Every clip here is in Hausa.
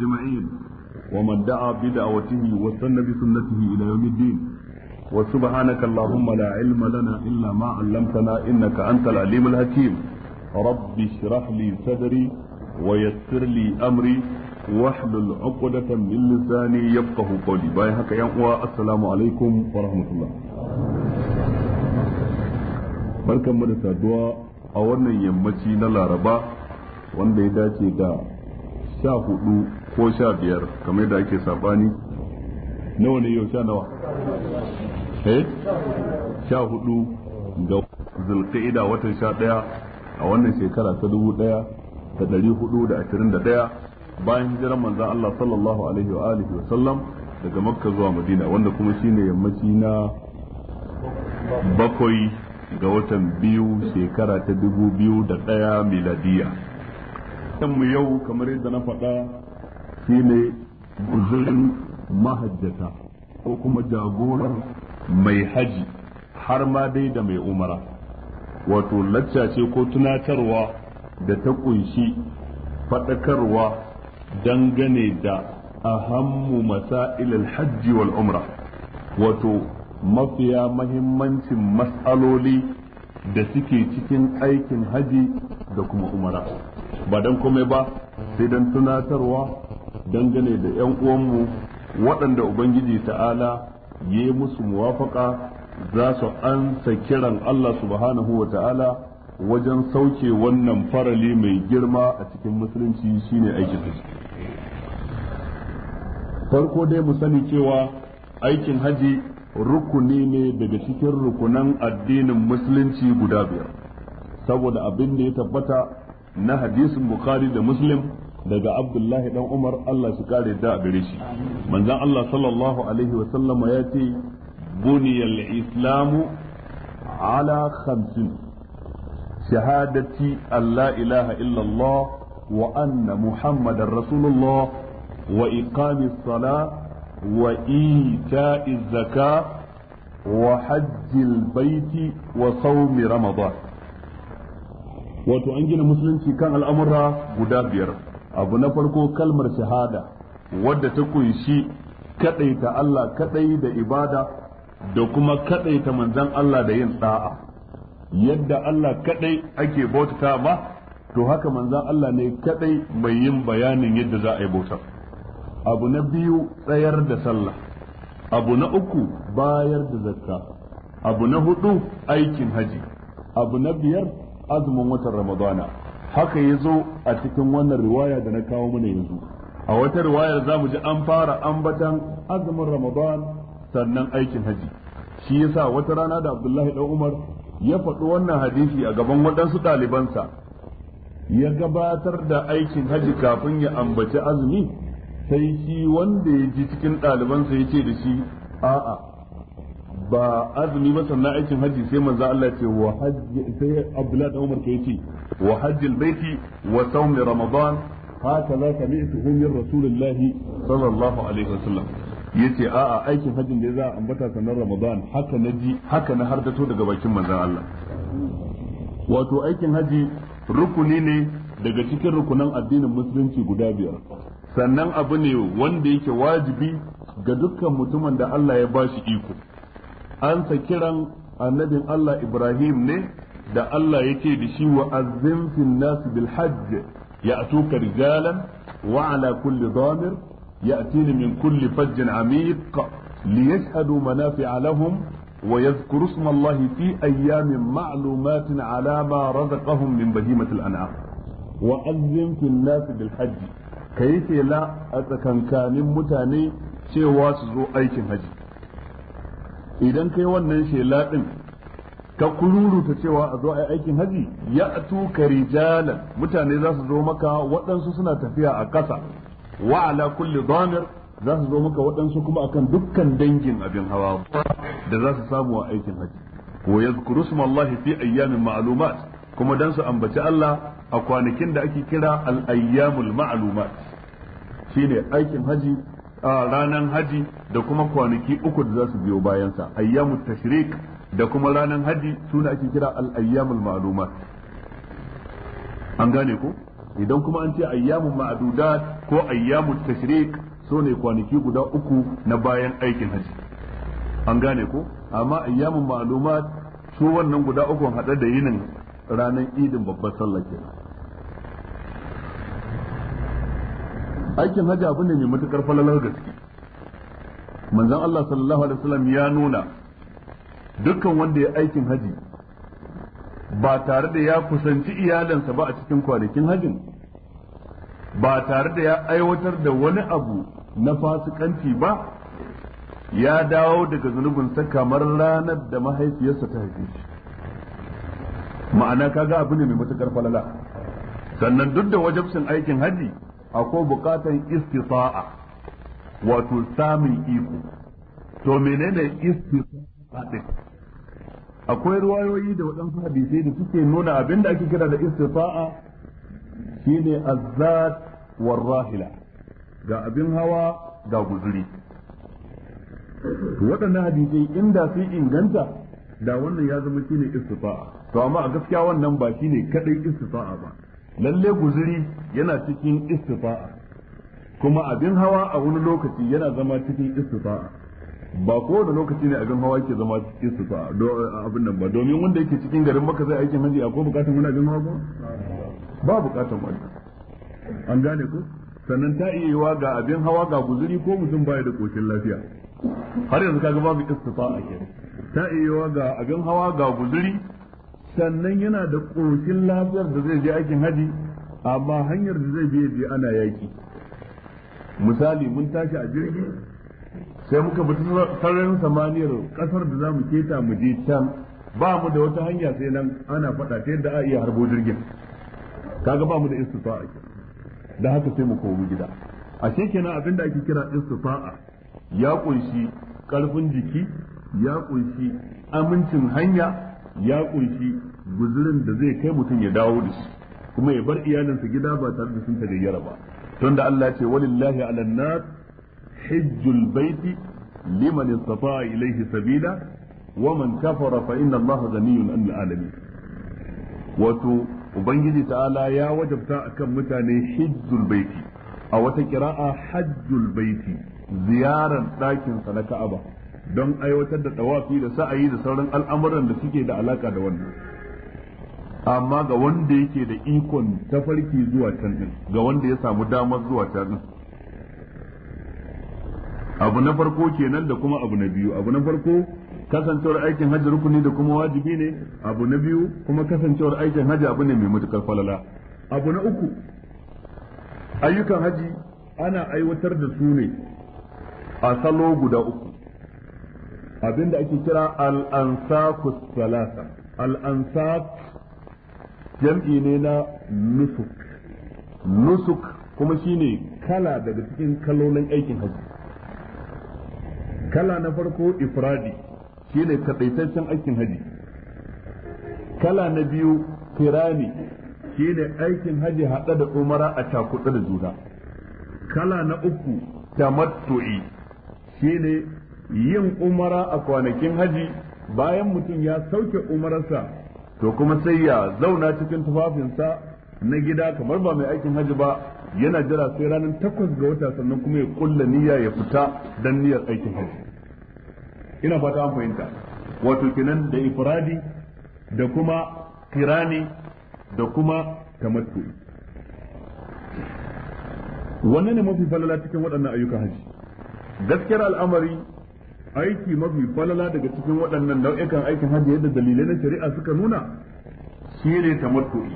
أجمعين ومن دعا بدعوته واستنى بسنته إلى يوم الدين وسبحانك اللهم لا علم لنا إلا ما علمتنا إنك أنت العليم الحكيم رب اشرح لي صدري ويسر لي أمري واحلل عقدة من لساني يفقه قولي باي هكا يا السلام عليكم ورحمة الله barkan mu da saduwa a wannan yammaci na laraba wanda ya dace da sha hudu ko sha biyar kamar da ake sabani nawa ne yau sha nawa eh sha hudu ga zulqa'ida watan sha daya a wannan shekara ta dubu daya da dari hudu da ashirin da daya bayan hijiran manzan Allah sallallahu alaihi wa alihi wa sallam daga makka zuwa madina wanda kuma shine yammaci na bakwai ga watan biyu shekara ta dubu biyu da daya miladiyya Maudu'in mu yau kamar yadda na faɗa shi ne guzurin mahajjata ko kuma jagoran mai haji har ma dai da mai umara. Wato lacca ce ko tunatarwa da ta kunshi faɗakarwa dangane da ahammu masailal hajji wal umra. Wato mafiya mahimmancin mas'aloli da suke cikin aikin haji da kuma umara. ba dan komai ba sai dan tunatarwa dangane da yan uwanmu waɗanda ubangiji ta'ala ya yi musu muwafaka za su ansa kiran Allah subhanahu wa ta'ala wajen sauke wannan farali mai girma a cikin musulunci shine aikin hajji farko dai mu sani cewa aikin haji rukuni ne daga cikin rukunan addinin musulunci guda biyar saboda abin da ya tabbata na hadisin bukhari da muslim daga abdullahi dan umar Allah su kare da gare shi manzon Allah sallallahu alaihi wa sallama ya ce buniyal islamu ala khamsin shahadati alla ilaha illallah wa anna muhammadar rasulullah wa iqami sala wa ita'iz zakah wa hajjil baiti wa saumi ramadan wato an gina musulunci kan al'amura guda biyar abu na farko kalmar shahada wadda ta kunshi kadaita Allah kadai da ibada da kuma kadaita manzon Allah da yin da'a yadda Allah kadai ake bautata ba to haka manzon Allah ne kadai mai yin bayanin yadda za a yi bautar abu na biyu tsayar da sallah abu na uku bayar da zakka abu na hudu aikin haji abu na biyar azumin watan ramadana haka ya zo a cikin wannan riwaya da na kawo mana yanzu a wata riwayar za mu ji an fara ambatan azumin ramadan sannan aikin haji shi yasa wata rana da abdullahi dan umar ya faɗi wannan hadisi a gaban waɗansu ɗalibansa ya gabatar da aikin haji kafin ya ambaci azumi sai shi wanda ya ji cikin ɗalibansa ya ce da shi a'a ba azumi ba sannan aikin hajji sai manzo Allah ce wa hajji sai Abdullahi da Umar ke yace wa hajjil baiti wa sawm ramadan hakaza su min rasulillahi sallallahu alaihi wasallam yace a'a aikin hajjin da za a ambata sanar ramadan haka na ji haka na hardato daga bakin manzo Allah wato aikin hajji rukuni ne daga cikin rukunan addinin musulunci guda biyar sannan abu ne wanda yake wajibi ga dukkan mutumin da Allah ya bashi iko ansa kiran annabin Allah Ibrahim ne da Allah ya ce da shi wa azzin hajj ya atuka rijalan wa ala kulli damir ya atini min kulli fajjin amiq li yashhadu manafi'a lahum wa yadhkuru isma Allah fi ayyamin ma'lumat ala ma razaqahum min bahimat al an'am wa azzin fil nas bil a tsakankanin mutane cewa su zo aikin hajji. idan kai wannan shelaɗin, ka ta kururuta cewa a zo a aikin haji ya tuka rijalan mutane za su zo maka waɗansu suna tafiya a ƙasa wa ala kulli za su zo maka waɗansu kuma akan dukkan dangin abin hawa da za su samu a aikin haji wa yadhkuru fi ayyamin ma'lumat kuma dan su ambaci Allah a kwanakin da ake kira al-ayyamul ma'lumat shine aikin haji ranan haji da kuma kwanaki uku da za su biyo bayansa ayyamu tashrik da kuma ranan haji suna ake kira al-ayyamul ma'lumat an gane ko idan kuma an ce ayyamun ma'adudat ko ayyamun tashrik so ne kwanaki guda uku na bayan aikin haji an gane ko amma ayyamun ma'lumat su wannan guda uku haɗe da yinin ranar idin babbar sallah kenan aikin hajji abu ne mai matukar falalar gaske manzon Allah sallallahu alaihi wasallam ya nuna dukkan wanda ya aikin hajji, ba tare da ya kusanci iyalinsa ba a cikin kwanakin hajjin ba tare da ya aiwatar da wani abu na fasikanci ba ya dawo daga zunubinsa kamar ranar da mahaifiyarsa ta haife shi ma'ana kaga abu ne mai matukar falala sannan duk da wajabcin aikin hajji. akwai bukatar istisa'a wato samun iko to menene istisa'a din akwai ruwayoyi da waɗansu hadisai da suke nuna abinda ake kira da istisa'a shine azzat war rahila ga abin hawa ga guzuri waɗannan hadisai inda sun inganta da wannan ya zama shine istifa'a to amma a gaskiya wannan ba shine kadai istifa'a ba lalle guzuri yana cikin istifa'a kuma abin hawa a wani lokaci yana zama cikin istifa'a ba ko da lokaci ne abin hawa ke zama istifa'a abin nan ba domin wanda yake cikin garin maka zai aikin haji akwai bukatan wani abin hawa ba ba bukatan wani an gane ku sannan ta iya yiwa ga abin hawa ga guzuri ko mutum baya da koshin lafiya har yanzu kaga babu istifa'a kenan ta iya yiwa ga abin hawa ga guzuri sannan yana da ƙoshin lafiyar da zai je aikin haji amma hanyar da zai biye je ana yaki misali mun tashi a jirgi sai muka bi sararin samaniyar ƙasar da za mu keta mu je can ba mu da wata hanya sai nan ana faɗa ta yadda a iya harbo jirgin kaga ba mu da istifa'a da haka sai mu komo gida a kenan abin da ake kira istifa'a ya ƙunshi ƙarfin jiki ya ƙunshi amincin hanya ya kunshi guzurin da zai kai mutum ya dawo da shi kuma ya bar iyalinsa gida ba tare da sun yara ba tun da Allah ce walillahi ala nas hajjul baiti liman istata'a ilayhi sabila wa man kafara fa inna Allah ghaniyyun 'anil alamin wato ubangiji ta'ala ya wajabta akan mutane hijjul baiti a wata kira'a hajjul baiti ziyarar dakin sa na Ka'aba don aiwatar da tawafi da sa'ayi da sauran al'amuran da suke da alaka da wannan amma ga wanda yake da ikon tafarki zuwa can din ga wanda ya samu damar zuwa can din abu na farko kenan da kuma abu na biyu abu na farko kasancewar aikin hajji rukuni da kuma wajibi ne abu na biyu kuma kasancewar aikin hajji abu ne mai matukar falala abu na uku ayyukan hajji ana aiwatar da su ne a salo guda uku abinda ake kira al-ansaku al’ansak jam'i ne na nusuk nusuk kuma shine kala daga cikin kalolin aikin haji kala na farko ifradi shine kadaitaccen aikin haji kala na biyu kirani shine aikin haji haɗa da umara a cakuɗe da juna kala na uku tamattu'i shine yin umara a kwanakin haji bayan mutum ya sauke umararsa to kuma sai ya zauna cikin tufafinsa na gida kamar ba mai aikin haji ba yana jira sai ranar takwas ga wata sannan kuma ya kulla niyya ya fita don niyyar aikin haji ina fata an fahimta wato kinan da ifradi da kuma kirani da kuma tamattu wannan ne mafi falala cikin waɗannan ayyukan haji gaskiyar al'amari aiki mafi falala daga cikin waɗannan nau'ikan aikin hajji yadda dalilai na shari'a suka nuna shine tamattu'i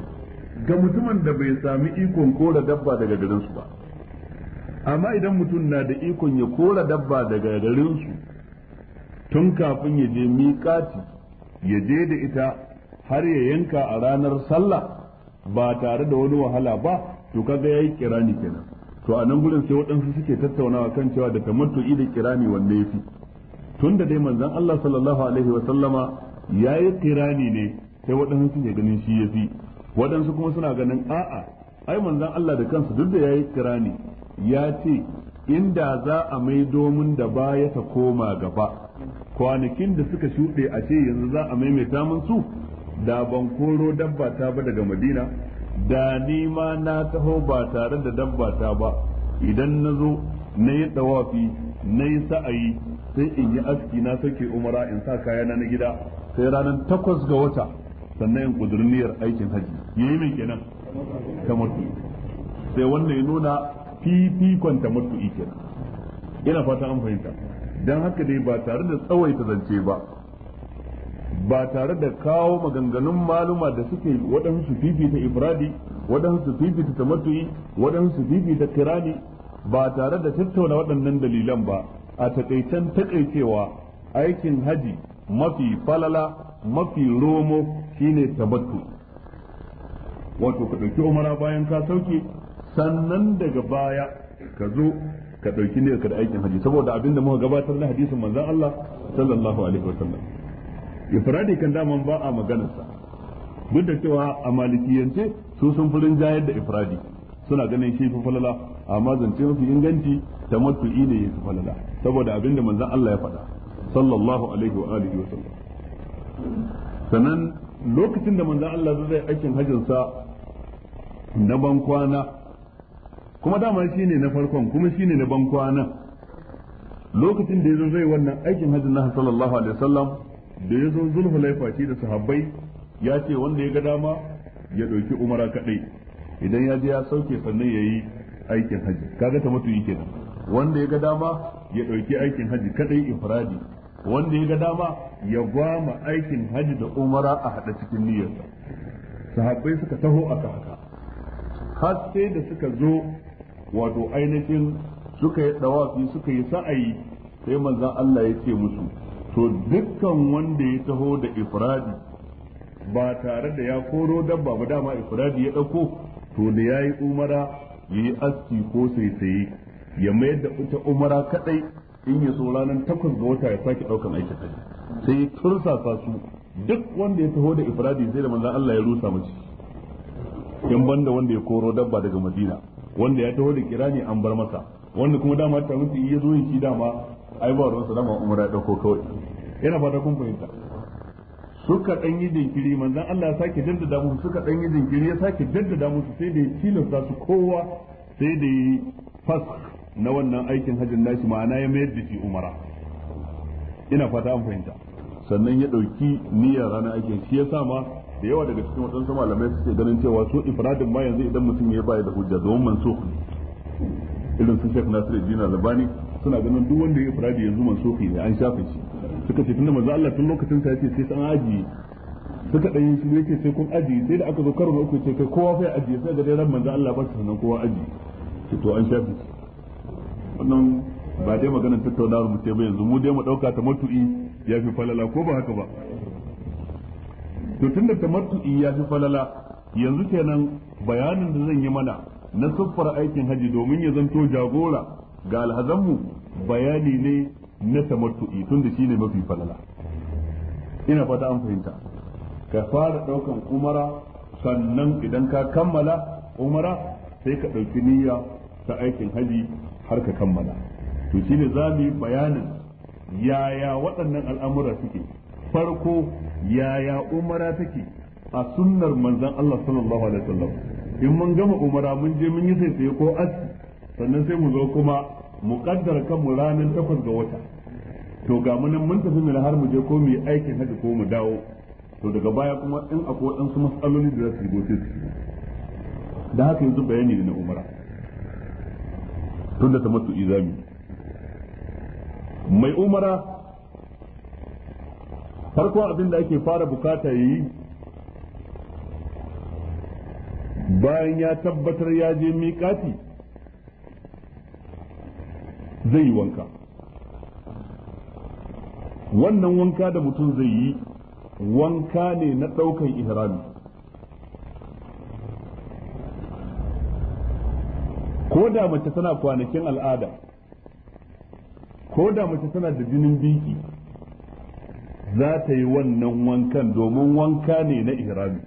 ga mutumin da bai sami ikon kora dabba daga garinsu ba amma idan mutum na da ikon ya kora dabba daga garinsu tun kafin ya je miƙati ya je da ita har ya yanka a ranar sallah ba tare da wani wahala ba to kaga yayi kirani kenan to a nan gurin sai waɗansu suke tattaunawa kan cewa da tamattu'i da kirani wanne yafi Tun da dai manzon Allah sallallahu alaihi wa sallama yayi kirani ne sai waɗansu suke ganin shi yafi waɗansu kuma suna ganin a'a ai manzon Allah da kansu duk da yayi kirani ya ce inda za a mai domin da baya ta koma gaba kwanakin da suka shuɗe a ce yanzu za a maimaita mun su da ban koro dabba ta ba daga madina da ni ma na taho ba tare da dabba ta ba idan nazo zo na yi ɗawafi na yi sa'ayi sai in yi aski na sauke umara in sa kayana na gida sai ranar takwas ga wata sannan in kudurin niyyar aikin haji yi min kenan mutu sai wannan ya nuna fifikon mutu ikin ina fata an fahimta Don haka dai ba tare da tsawaita zance ba ba tare da kawo maganganun maluma da suke waɗansu fifita ifradi waɗansu fifita tamattu'i waɗansu fifita kirani ba tare da tattauna waɗannan dalilan ba a taƙaitan takaicewa aikin haji mafi falala mafi romo shine tabattu wato ka ɗauki umara bayan ka sauke sannan daga baya ka zo ka ɗauki ne ka da aikin haji saboda abinda muka gabatar na hadisin manzan Allah sallallahu alaihi wasallam ifradi kan daman ba a maganarsa duk da cewa a malikiyance su sun furin jayar da ifradi suna ganin shi fi falala amma zance mafi inganci tamattu'i ne ya falala saboda abinda manzon Allah ya faɗa sallallahu alaihi wa alihi wa sallam sanan lokacin da manzon Allah zai aikin hajjin sa na ban kwana kuma dama shine na farkon kuma shine na ban kwana lokacin da yazo zai wannan aikin hajjin na sallallahu alaihi wa sallam da yazo zulhulaifa shi da sahabbai ya ce wanda ya ga dama ya ɗauki umara kaɗai idan ya je ya sauke sannan ya yi aikin hajji kaga ta mutu yi nan. wanda ya ga dama ya ɗauki aikin haji kadai ifradi wanda ya ga dama ya gwama aikin haji da umara a haɗa cikin niyyarsa sahabbai suka taho a haka har sai da suka zo wato ainihin suka yi dawafi suka yi sa'ayi sai manzan Allah ya ce musu to dukkan wanda ya taho da ifradi ba tare da ya koro dabba ba dama ifradi ya ɗauko to da ya yi umara ya yi aski ko sai ya mayar da ita umara kadai in ya so ranar takwas ga wata ya sake daukan aikin haji sai ya tursasa su duk wanda ya taho da ifradi sai da manzon Allah ya rusa mace in banda wanda ya koro dabba daga Madina wanda ya taho da kirani an bar masa wanda kuma dama ta mutu iya zo shi dama ai ba ruwansa dama umara dauko kawai yana fata kun fahimta suka dan yi jinkiri manzon Allah ya sake daddada musu suka dan yi jinkiri ya sake daddada musu sai da ya tilasta su kowa sai da ya fas. na wannan aikin hajjin nashi ma'ana ya mayar da shi umara ina fata an fahimta sannan ya ɗauki niyyar ranar aikin shi ya sa ma da yawa daga cikin waɗansu malamai suke ganin cewa su ifradin ma yanzu idan mutum ya bayar da hujja domin mansukh irin su Sheikh Nasiruddin Albani suna ganin duk wanda ya ifradi yanzu mansukh ne an shafe shi suka ce tunda manzo Allah tun lokacin ta ce sai san aji suka dan yin ne yace sai kun aji sai da aka zo karo uku ce kai kowa fa aji sai ga dai ran manzo Allah ba su nan kowa aji to an shafe shi wannan ba dai maganar tattaunawar mu ce ba yanzu mu dai mu dauka ta matu'i ya fi falala ko ba haka ba to tunda ta matu'i ya fi falala yanzu kenan bayanin da zan yi mana na siffar aikin haji domin ya zanto jagora ga alhazanmu bayani ne na matu'i tunda da shine mafi falala ina fata an fahimta ka fara daukan umara sannan idan ka kammala umara sai ka dauki niyya ta aikin haji har ka kammala to shine za mu yi bayanin yaya waɗannan al'amura suke farko yaya umara take a sunnar manzon Allah sallallahu alaihi wasallam in mun gama umara mun je mun yi sai ko aski sannan sai mu zo kuma mu kaddara kanmu ranar takwas ga wata to ga mu mun tafi mu har mu je ko mu yi aikin haka ko mu dawo to daga baya kuma in akwai waɗansu matsaloli da za su yi sai su da haka yanzu bayani ne na umara tunda ta mutu izami mai umara farko abin da ake fara bukata yi bayan ya tabbatar ya je miƙati zai yi wanka wannan wanka da mutum zai yi wanka ne na ɗaukar ihrami ko da mace tana kwanakin al'ada ko da mace tana da jinin biki za ta yi wannan wankan domin wanka ne na ihrami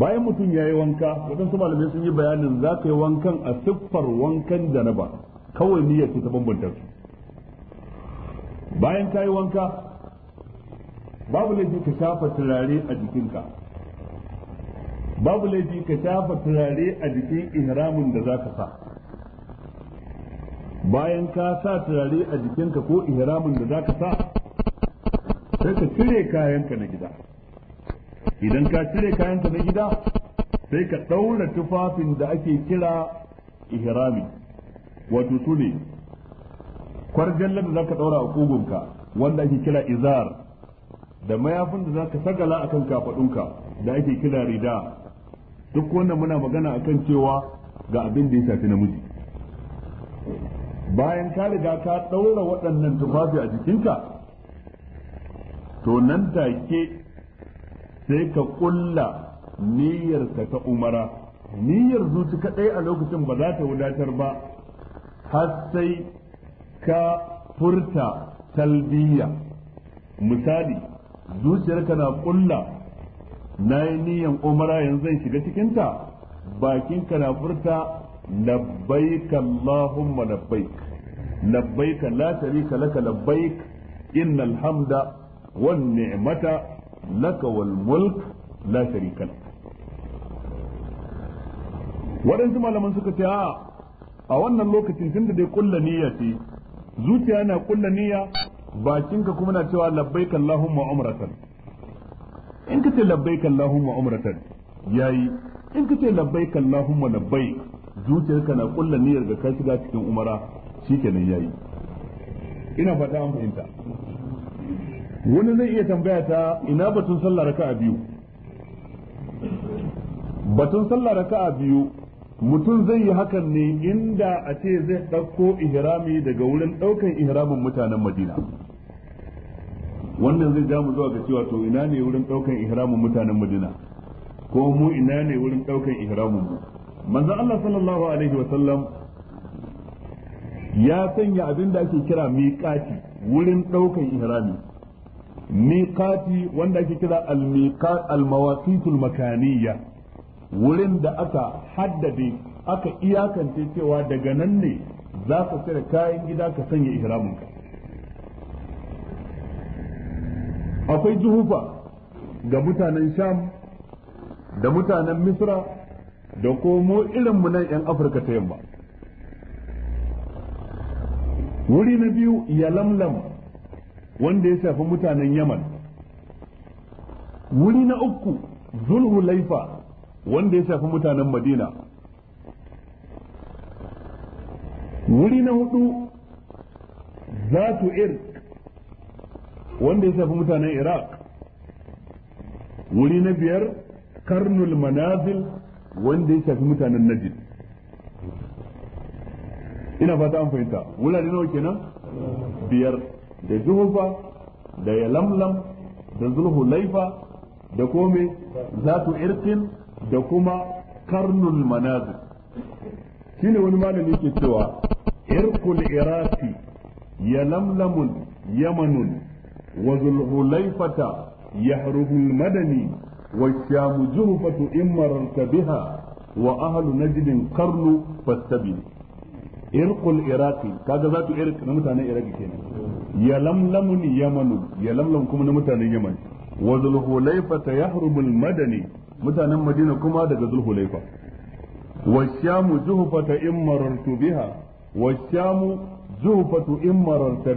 bayan mutum ya yi wanka waɗansu malamai sun yi bayanin za ka yi wankan a siffar wankan janaba kawai niyyar ta bambanta su bayan ka yi wanka babu laifi ka shafa turare a jikinka babu laifi ka shafa turare a jikin ihramin da zaka sa bayan ka sa turare a jikinka ko ihramin da zaka sa sai ka cire kayanka na gida idan ka cire kayanka na gida sai ka ɗaura tufafin da ake kira ihrami wato su ne kwarjallar da za ka ɗaura a ƙugunka wanda ake kira izar da mayafin da za ka sagala a kan kafaɗunka da ake kira rida duk wannan muna magana a kan cewa ga abin da ya shafi namiji bayan ka riga ka ɗaura waɗannan tufafi a jikinka to nan take sai ka ƙulla niyyarka ta umara niyyar zuci kaɗai a lokacin ba za ta wadatar ba har sai ka furta talbiya misali zuciyarka na ƙulla na yi niyan umara yanzu zai shiga cikinta bakin ka na furta labbaik allahumma labbaik labbaik la sharika laka labbaik innal hamda wan ni'mata laka wal mulk la sharika waɗansu malaman suka ce a a wannan lokacin tunda dai kulla niyya ce zuciya na kulla niyya bakinka kuma na cewa labbaik allahumma umratan in ka ce labbaik Allahumma umratan yayi in ka ce labbaik Allahumma labbaik zuciyarka na kulla niyyar ga ka shiga cikin umara shikenan yayi ina fata an fahimta wani zai iya tambaya ta ina batun sallah raka'a biyu batun sallah raka'a biyu mutum zai yi hakan ne inda a ce zai ɗauko ihrami daga wurin ɗaukan ihramin mutanen madina wannan zai ja mu zuwa ga cewa to ina ne wurin daukan ihramin mutanen Madina ko mu ina ne wurin daukan ihramin mu manzo Allah sallallahu alaihi sallam ya sanya abin da ake kira miqati wurin daukan ihrami miqati wanda ake kira al-miqat al-mawaqitul wurin da aka haddade aka iyakance cewa daga nan ne za ka cire kayan gida ka sanya ka. akwai juhufa ga mutanen sham da mutanen misra da komo irinmu nan 'yan afirka ta yamma wuri na biyu ya lamlam wanda ya shafi mutanen yaman wuri na uku Laifa wanda ya shafi mutanen madina wuri na hudu zatu ir wanda ya shafi mutanen iraq wuri na biyar karnul manazil wanda ya shafi mutanen najd ina fata an fahimta wurare nawa kenan biyar da juhufa da yalamlam da zulhulaifa da kome zatu irkin da kuma karnul manazil shine wani malami ke cewa irkul iraqi yalamlamun yamanun wa zulhulaifata yahruhu al-madani wa shamu juhfatu immararta biha wa ahlu najdin qarnu fastabil irqul iraqi kaga zatu irq na mutanen iraqi kenan ya lamlamun yamanu ya lamlam kuma na mutanen yaman wa zulhulaifa yahrubu al mutanen madina kuma daga zulhulaifa wa shamu juhfata immarartu biha wa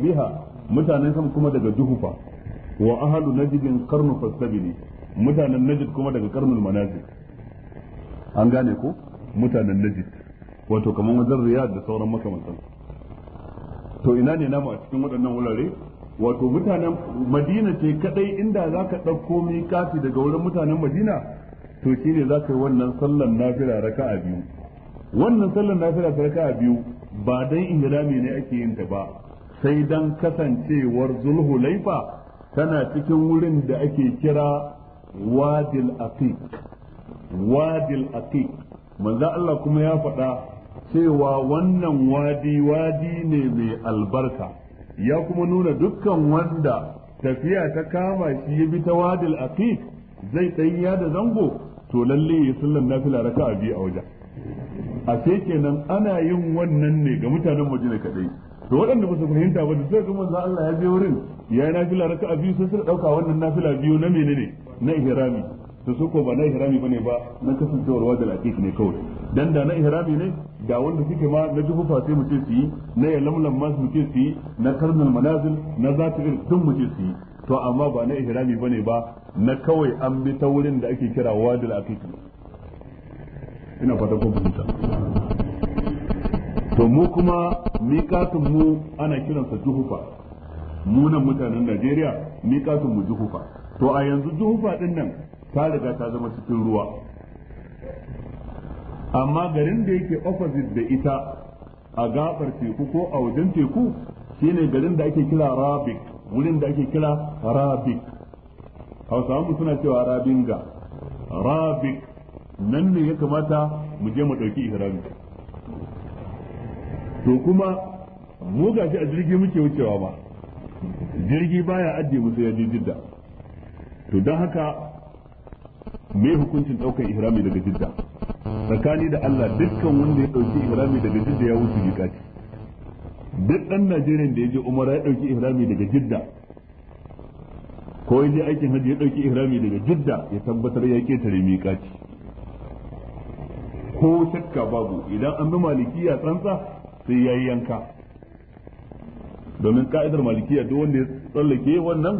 biha mutanen sam kuma daga juhufa wa ahlu najdin qarnu fasabini mutanen najd kuma daga qarnul manazil an gane ko mutanen najd wato kaman wajen riyad da sauran makamantan to ina ne namu a cikin waɗannan wurare wato mutanen madina ce kadai inda za ka ɗauko miƙati daga wurin mutanen madina to shi ne za ka yi wannan sallan nafila raka'a biyu wannan sallan nafila raka'a biyu ba dan ihrami ne ake yin ta ba sai dan kasancewar zulhulaifa tana cikin wurin da ake kira wadil aqiq wadil aqiq manzo Allah kuma ya faɗa cewa wannan wadi wadi ne mai albarka ya kuma nuna dukkan wanda tafiya ta kama shi ya bi ta wadil aqiq zai tsayya da zango to lalle ya sallan nafila a biyu a wajen a sai kenan ana yin wannan ne ga mutanen madina kadai to waɗanda ba su fahimta ba da suka ga Allah ya je wurin ya yi nafila a biyu sai suka ɗauka wannan nafila biyu na menene na ihrami da su ko ba na ihrami ne ba na kasancewar wajal aqiq ne kawai dan da na ihrami ne da wanda suke ma na juhufa sai mu ce su yi na yalamlam ma su ce su yi na karnar manazil na irin sun mu ce su yi to amma ba na ihrami ne ba na kawai an bi ta wurin da ake kira wajal aqiq ina fata ko fahimta to mu kuma miƙatun mu ana kiransa juhufa mu nan mutanen Najeriya miƙatun mu juhufa to a yanzu juhufa din nan ta riga ta zama cikin ruwa amma garin da yake opposite da ita a gabar teku ko a wajen teku shine garin da ake kira Rabik wurin da ake kira Rabik Hausawa suna cewa Rabinga Rabik nan ne ya kamata mu je mu ɗauki ihrami to kuma mu ga shi a jirgi muke wucewa ba jirgi baya ajiye musu ya ji jidda to don haka me hukuncin daukar ihrami daga jidda tsakani da Allah dukkan wanda ya ɗauki ihrami daga jidda ya wuce jikati duk ɗan Najeriya da ya je Umar ya ɗauki ihrami daga jidda ko ya je aikin hajji ya ɗauki ihrami daga jidda ya tabbatar ya ketare miƙaci ko shakka babu idan an bi malikiya tsantsa sai yi yanka domin ka'idar malikiya duk wanda ya tsallake wannan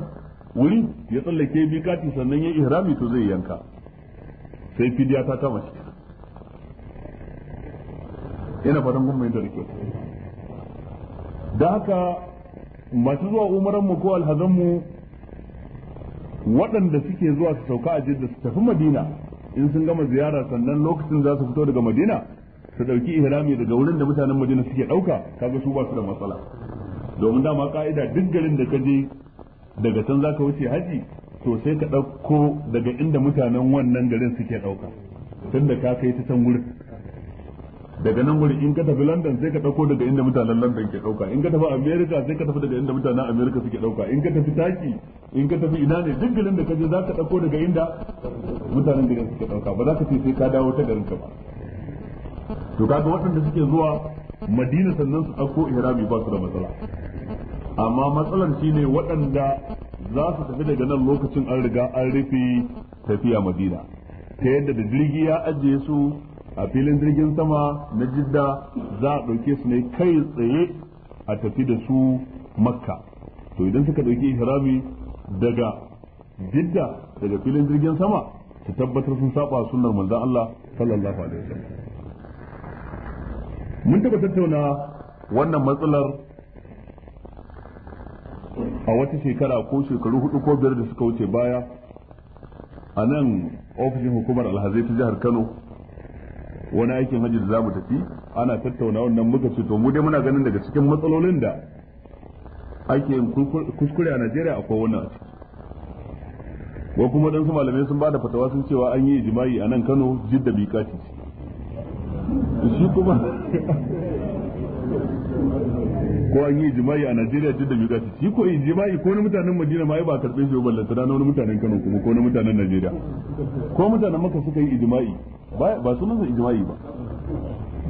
wuri ya tsallake mikati sannan ya ihrami to zai yanka sai fidiya ta kama shi ina fatan kun mai da da haka masu zuwa umaran mu ko alhazan mu waɗanda suke zuwa su sauka a jidda su tafi madina in sun gama ziyara sannan lokacin za su fito daga madina su dauki ihrami daga wurin da mutanen Madina suke dauka kaga su ba su da matsala domin dama ka'ida duk garin da ka je daga can zaka wuce haji to sai ka dauko daga inda mutanen wannan garin suke dauka tunda ka kai ta can wurin daga nan wurin in ka tafi London sai ka dauko daga inda mutanen London ke dauka in ka tafi America sai ka tafi daga inda mutanen America suke dauka in ka tafi Taki in ka tafi ina ne duk garin da ka je za ka dauko daga inda mutanen garin suke dauka ba za ka ce sai ka dawo ta garin ka ba to kaga waɗanda suke zuwa madina sannan su ɗauko ihrami ba su da matsala amma matsalar shine waɗanda za su tafi daga nan lokacin an riga an rufe tafiya madina ta yadda da jirgi ya ajiye su a filin jirgin sama na jidda za a ɗauke su ne kai tsaye a tafi da su makka to idan suka ɗauki ihrami daga jidda daga filin jirgin sama su tabbatar sun saba sunnar manzon Allah sallallahu alaihi wasallam mun taba tattauna wannan matsalar a wata shekara ko shekaru hudu ko biyar da suka wuce baya a nan ofishin hukumar alhazai ta jihar kano wani aikin hajji da za mu tafi ana tattauna wannan muka ce to mu dai muna ganin daga cikin matsalolin da ake yin kuskure a najeriya akwai wannan a ciki wa kuma dan su malamai sun bada fatawa sun cewa an yi jima'i a nan Kano jidda bikati shi kuma ko an yi jima'i a Najeriya duk da mu gashi shi ko jima'i ko na mutanen Madina ma ba karɓe shi ba lantana na wani mutanen Kano kuma ko na mutanen Najeriya ko mutanen Makka suka yi ijma'i ba sunan sa ijma'i ba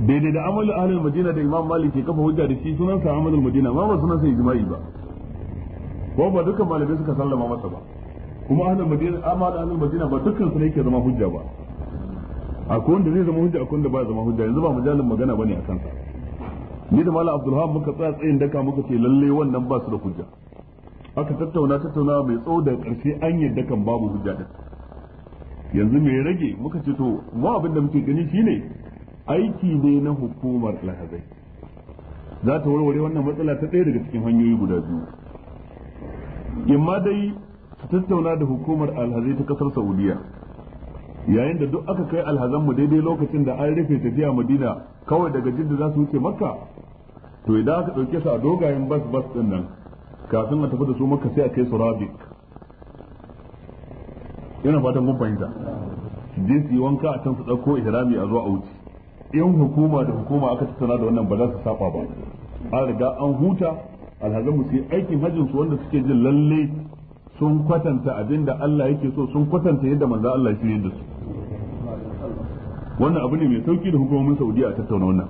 daidai da amalu ahlul Madina da Imam Malik ke kafa hujja da shi sunan sa amalul Madina ma ba sunan sa ijma'i ba ko ba dukkan malamai suka sallama masa ba kuma ahlul Madina amal ahlul Madina ba dukkan su ne yake zama hujja ba akwai wanda zai zama hujja akwai wanda ba zama hujja yanzu ba mujalin magana bane a kansa ni da malam abdulham muka tsaya tsayin daka muka ce lalle wannan ba su da hujja aka tattauna tattauna mai tsawo da karshe an yadda kan babu hujja din yanzu mai rage muka ce to mu abin da muke gani shine aiki ne na hukumar lahazai za ta warware wannan matsala ta ɗaya daga cikin hanyoyi guda biyu imma dai ta tattauna da hukumar alhazai ta kasar saudiya yayin da duk aka kai alhazan mu daidai lokacin da an rufe tafiya Madina kawai daga Jidda za su wuce Makka to idan aka dauke su a dogayen bas bas din nan kafin a tafi da su Makka sai a kai su rabik yana fatan kun fahimta je su yi wanka a can su dauko ihrami a zuwa a wuce in hukuma da hukuma aka tattauna da wannan ba za su saba ba an riga an huta alhazan mu sai aikin hajjin su wanda suke jin lalle sun kwatanta abinda Allah yake so sun kwatanta yadda manzo Allah ya shirye da su wannan abu ne mai sauki da hukumomin saudiya a tattauna wannan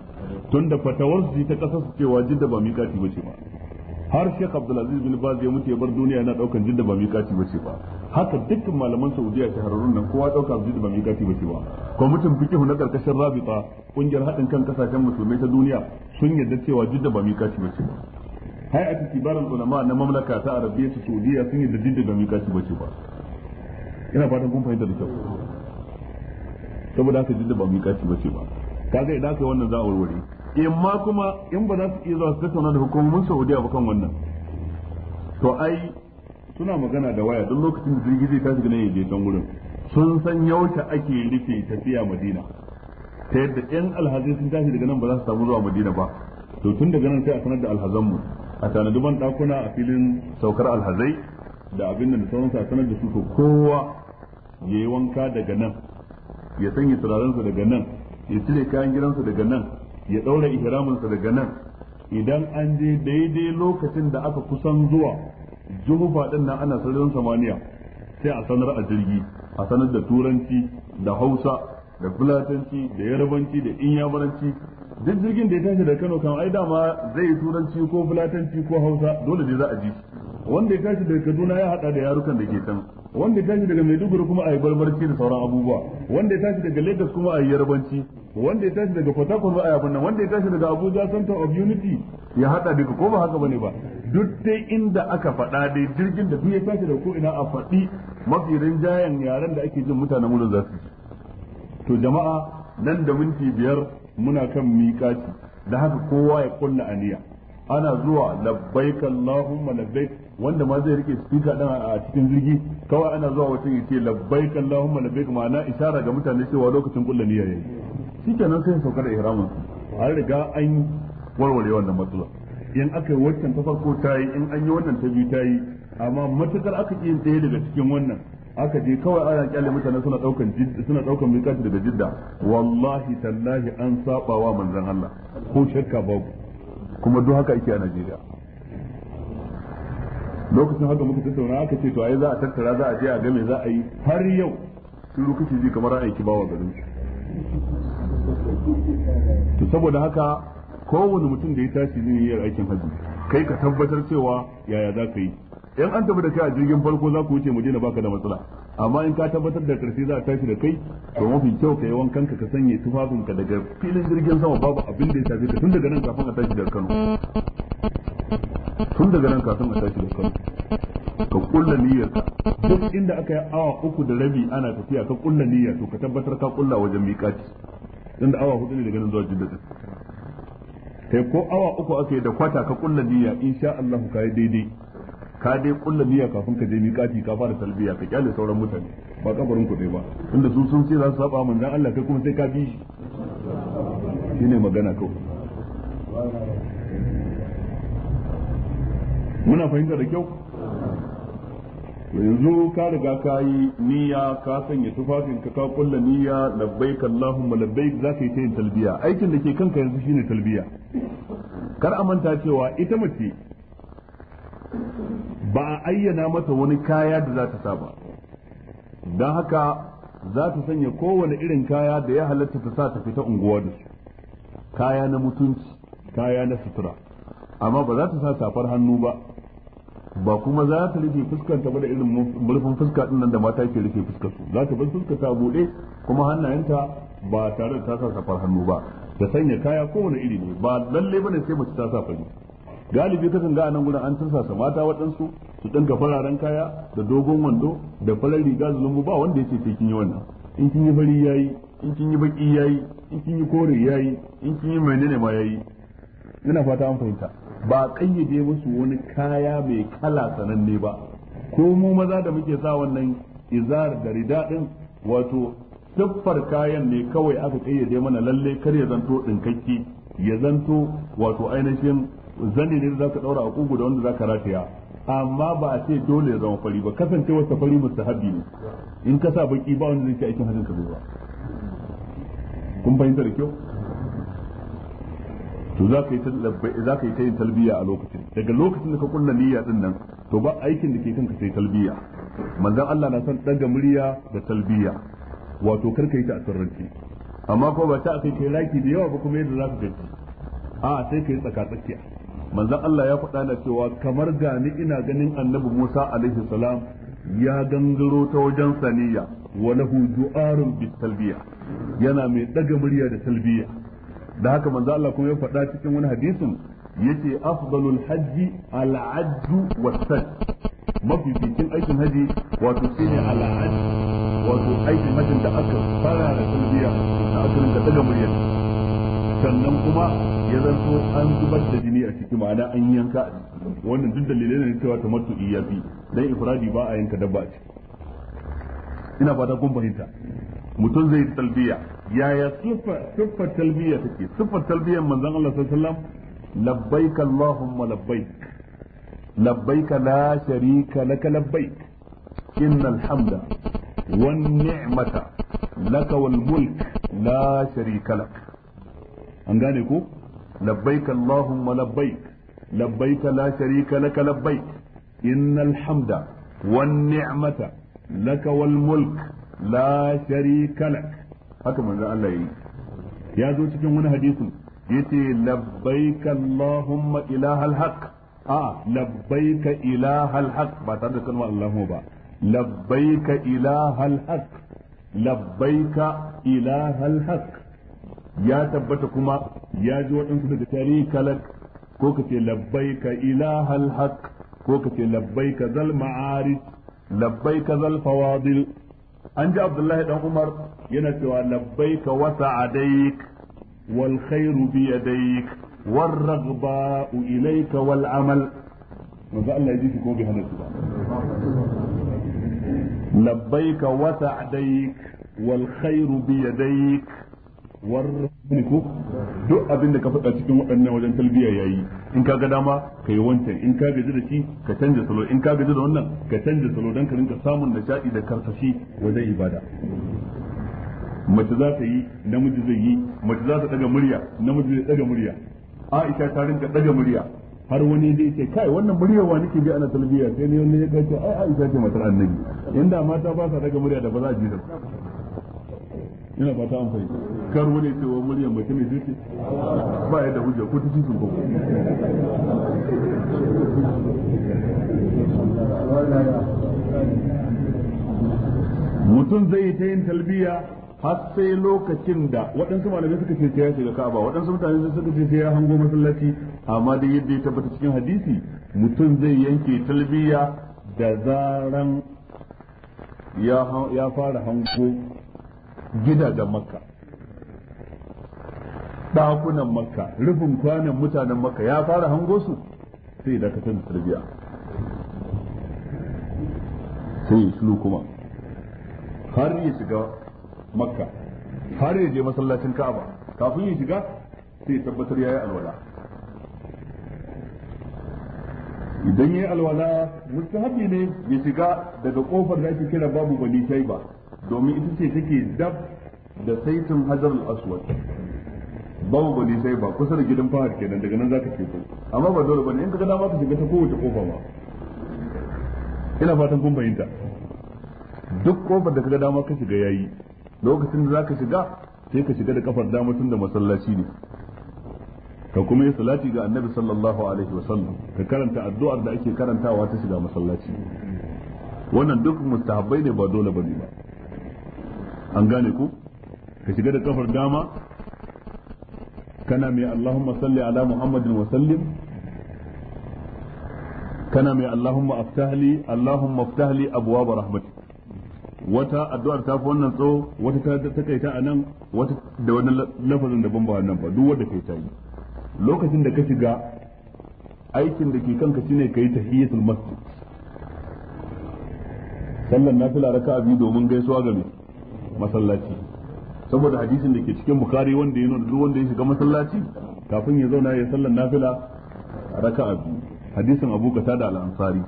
tun da fatawar su ta kasar su cewa jidda ba mika ba bace ba har shek abdulaziz bin baz ya mutu ya bar duniya yana daukan jidda ba mika ba bace ba haka dukkan malaman saudiya shahararrun nan kowa dauka jidda ba miƙati ba ce ba kwamitin fikihu na karkashin rabita kungiyar haɗin kan kasashen musulmai ta duniya sun yadda cewa jidda ba bace ba ce ba hay'atu kibaran ulama na mamlaka ta arabiyya saudiya sun yadda jidda ba mika ba bace ba ina fatan kun fahimta da kyau saboda haka jidda ba mu miƙati ba ce ba kaga idan aka wannan za a warware ma kuma in ba za su iya zuwa su tattauna da hukumomin Saudiya ba kan wannan to ai suna magana da waya don lokacin da jirgi zai tashi ganin yaje can gurin sun san yauta ake rufe tafiya Madina ta yadda yan alhazai sun tashi daga nan ba za su samu zuwa Madina ba to tun daga nan sai a sanar da mu a tanadi ban dakuna a filin saukar alhazai da abin da sauransu a sanar da su to kowa ya yi wanka daga nan ya sanya turarensa daga nan ya cire kayan gidansa daga nan ya ɗaura ihraminsa daga nan idan an je daidai lokacin da aka kusan zuwa juhufa din nan ana sararin samaniya sai a sanar a jirgi a sanar da turanci da hausa da fulatanci da yarbanci da inyamuranci duk jirgin da ya tashi da kano kan ai dama zai yi turanci ko fulatanci ko hausa dole ne za a ji wanda ya tashi daga Kaduna ya hada da yarukan da ke can wanda ya tashi daga Maiduguri kuma a yi barbarci da sauran abubuwa wanda ya tashi daga Lagos kuma a yi yarbanci wanda ya tashi daga Port Harcourt ba a yabin nan wanda ya tashi daga Abuja Center of Unity ya hada duka ko ba haka bane ba duk dai inda aka faɗa dai jirgin da duk ya tashi daga ko ina a faɗi mafi rinjayen yaren da ake jin mutanen wurin za to jama'a nan da minti biyar muna kan miƙaci da haka kowa ya kulla aniya ana zuwa labbaik Allahumma labbaik wanda ma zai rike speaker din a cikin jirgi kawai ana zuwa wata yace labbaik allahumma labbaik ma'ana isharar ga mutane cewa lokacin kullu niyya yayi shikenan sai saukar da ihramin an riga an warware wannan matsala in aka yi wancan ta farko ta in an yi wannan ta biyu ta yi amma matukar aka yi ɗaya daga cikin wannan aka je kawai ana kyale mutane suna daukan suna daukan miƙati daga jidda wallahi tallahi an saɓa wa manzon Allah ko shakka babu kuma duk haka yake a Najeriya lokacin haka muka tattauna aka ce to ai za a tattara za a je a ga me za a yi har yau shiru kace ji kamar an aiki bawa garin to saboda haka kowane mutum da ya tashi zai yi aikin haji kai ka tabbatar cewa yaya za ka yi in an tafi da kai a jirgin farko za ku wuce mu dina baka da matsala amma in ka tabbatar da karshe za a tashi da kai to mafi kyau ka yi wankan ka sanya tufafin ka daga filin jirgin sama babu abin da ya tafi tun daga nan kafin a tashi da Kano tun daga nan kafin a tashi da Kano ka kulla niyyar ka duk inda aka yi awa uku da rabi ana tafiya ka kulla niyya to ka tabbatar ka kulla wajen miƙati inda awa hudu ne daga nan zuwa jidda kai ko awa uku aka yi da kwata ka kulla niyya insha Allah ka yi daidai ka dai kulla niyya kafin ka je miƙati ka fara talbiya ka kyale sauran mutane ba kabarin ku ba tunda su sun ce za su saba manzon Allah kai kuma sai ka bi shi shine magana kawai muna fahimta da kyau yanzu ka riga ka yi niyya ka sanya tufafin ka ka kulla niyya labbaik allahumma labbaik za ka yi ta yin talbiya aikin da ke kanka yanzu shine talbiya kar a manta cewa ita mace ba a ayyana mata wani kaya da za ta sa ba don haka za ta sanya kowane irin kaya da ya halatta ta sa ta fita unguwa da su kaya na mutunci kaya na sutura amma ba za ta sa safar hannu ba ba kuma za ta rufe fuskanta ba da irin murfin fuska din nan da mata ke rufe fuskar su za ta bar fuska ta bude kuma hannayenta ba tare da ta sa safar hannu ba ta sanya kaya kowane iri ne ba lalle bane sai mace ta sa fari galibi kasan ga nan gudan an sa mata waɗansu su ɗinka fararen kaya da dogon wando da farar riga zulumbu ba wanda ce sai kin yi wannan in kin yi fari yayi in kin yi baki yayi in kin yi kore yayi in kin yi menene ma yayi ina fata an fahimta ba kayyade musu wani kaya mai kala sananne ba ko mu maza da muke sa wannan izar da rida din wato siffar kayan ne kawai aka kayyade mana lalle kar ya zanto dinkakke ya zanto wato ainihin zani ne za ka daura a kugu da wanda za ka rataya amma ba a ce dole ya zama fari ba kasance wasu fari mustahabi ne in ka sa baki ba wanda zai ci aikin hajjin ka zai ba kun fahimta da kyau to za ka yi za ka yi ta yin talbiya a lokacin daga lokacin da ka kulla niyya din nan to ba aikin da ke kanka sai talbiya manzon Allah na son daga murya da talbiya wato karka yi ta a sirrance amma ko ba ta akai kai raki da yawa ba kuma yadda za ka gaji a sai kai tsaka tsakiya manzon Allah ya faɗa na cewa kamar gani ina ganin annabi Musa alaihi salam ya gangaro ta wajen saniya wa lahu du'arun bit yana mai daga murya da talbiya da haka manzo Allah kuma ya faɗa cikin wani hadisin yace afdalul hajji al ajju was mafi bikin aikin haji wato ne al wato aikin hajjin da aka fara da talbiya da aka daga murya sannan kuma ya zanto an zubar da jini a ciki ma'ana an yanka a ciki wannan duk dalilai ne cewa tamattu iya fi dan ifradi ba a yanka dabba a ciki ina fata kun fahimta mutum zai talbiya yaya siffar talbiya take siffar talbiyan manzon Allah sallallahu alaihi wasallam labbaik allahumma labbaik labbaik la sharika lak labbaik innal hamda wan ni'mata lak wal mulk la an gane ko labbaik allahumma labbaik labbaik la sharika laka labbaik innal hamda wan ni'mata laka wal mulk la sharika lak haka manzo Allah yi ya zo cikin wani hadisin yace labbaik allahumma ilahal haqq a labbaika ilahal haq ba tare da kalmar Allahu ba labbaika ilahal haq labbaika haq ya tabbata kuma ya ji waɗansu daga tarihi kalak ko ka ce labbai ka ilahal haq ko ka ce labbai ka zal ma'arij ka zal fawadil an ji abdullahi dan umar yana cewa labbai labbaika wa sa'adaik wal khairu bi yadaik war raghba'u ilayka wal amal manzo Allah ya ji shi ko bi hana ba labbai labbaika wa sa'adaik wal khairu bi yadaik warrahmani ko duk abin da ka faɗa cikin waɗannan wajen talbiya yayi in ka ga dama ka yi wancan in ka gaji da shi ka canja salo in ka gaji da wannan ka canja salo don ka rinka samun nishaɗi da karsashi wajen ibada mace za ta yi namiji zai yi mace za ta ɗaga murya namiji zai ɗaga murya Aisha ta rinka ɗaga murya har wani da yake kai wannan murya muryawa nake bi ana talbiya sai ne wani ya kace ai Aisha ce matar annabi inda mata ba sa ɗaga murya da ba za a ji da ina ba ta amfani kar wani cewa muryar mai mai jirki ba ya da hujja ko ta cikin ko mutum zai ta yin talbiya har sai lokacin da waɗansu malamai suka ce ya shiga ka'aba waɗansu mutane suka ce ya hango masallaci amma da yadda ya tabbata cikin hadisi mutum zai yanke talbiya da zaran ya fara hango gidajen makka ɗakunan makka rufin kwanan mutanen makka ya fara hango su sai dakatar da tarbiya sai su kuma har yi shiga makka har yi je masallacin ka'aba kafin yi shiga sai tabbatar ya yi alwala idan ya yi alwala mustahabi ne ya shiga daga kofar da ake kira babu bani shaiba ba domin ita ce take dab da saitin hajar al babu bani sai ba kusa da gidan fahar kenan daga nan zaka fito amma ba dole bane in ka ga dama ka shiga ta kowace kofa ma ina fatan kun fahimta duk kofar da ka ga dama ka shiga yayi lokacin da za ka shiga sai ka shiga da kafar dama tun da masallaci ne ka kuma yi salati ga annabi sallallahu alaihi wa sallam ka karanta addu'ar da ake karantawa ta shiga masallaci wannan duk mustahabbai ne ba dole bane ba an gane ku ka shiga da kafar dama kana mai Allahumma salli ala Muhammadin wa sallim kana mai Allahumma aftahli Allahumma aftahli ba rahmatik wata addu'ar ta fi wannan tsawo wata ta takaita a nan wata da wani lafazin daban ba nan ba duk wanda kai ta yi lokacin da ka shiga aikin da ke kanka shine ka yi tahiyyatul masjid sallan nafila raka'a biyu domin gaisuwa ga mai masallaci saboda hadisin da ke cikin bukari wanda ya nuna duk wanda ya shiga masallaci kafin ya zauna ya sallar nafila raka'a biyu hadisin Abu Qatada al-Ansari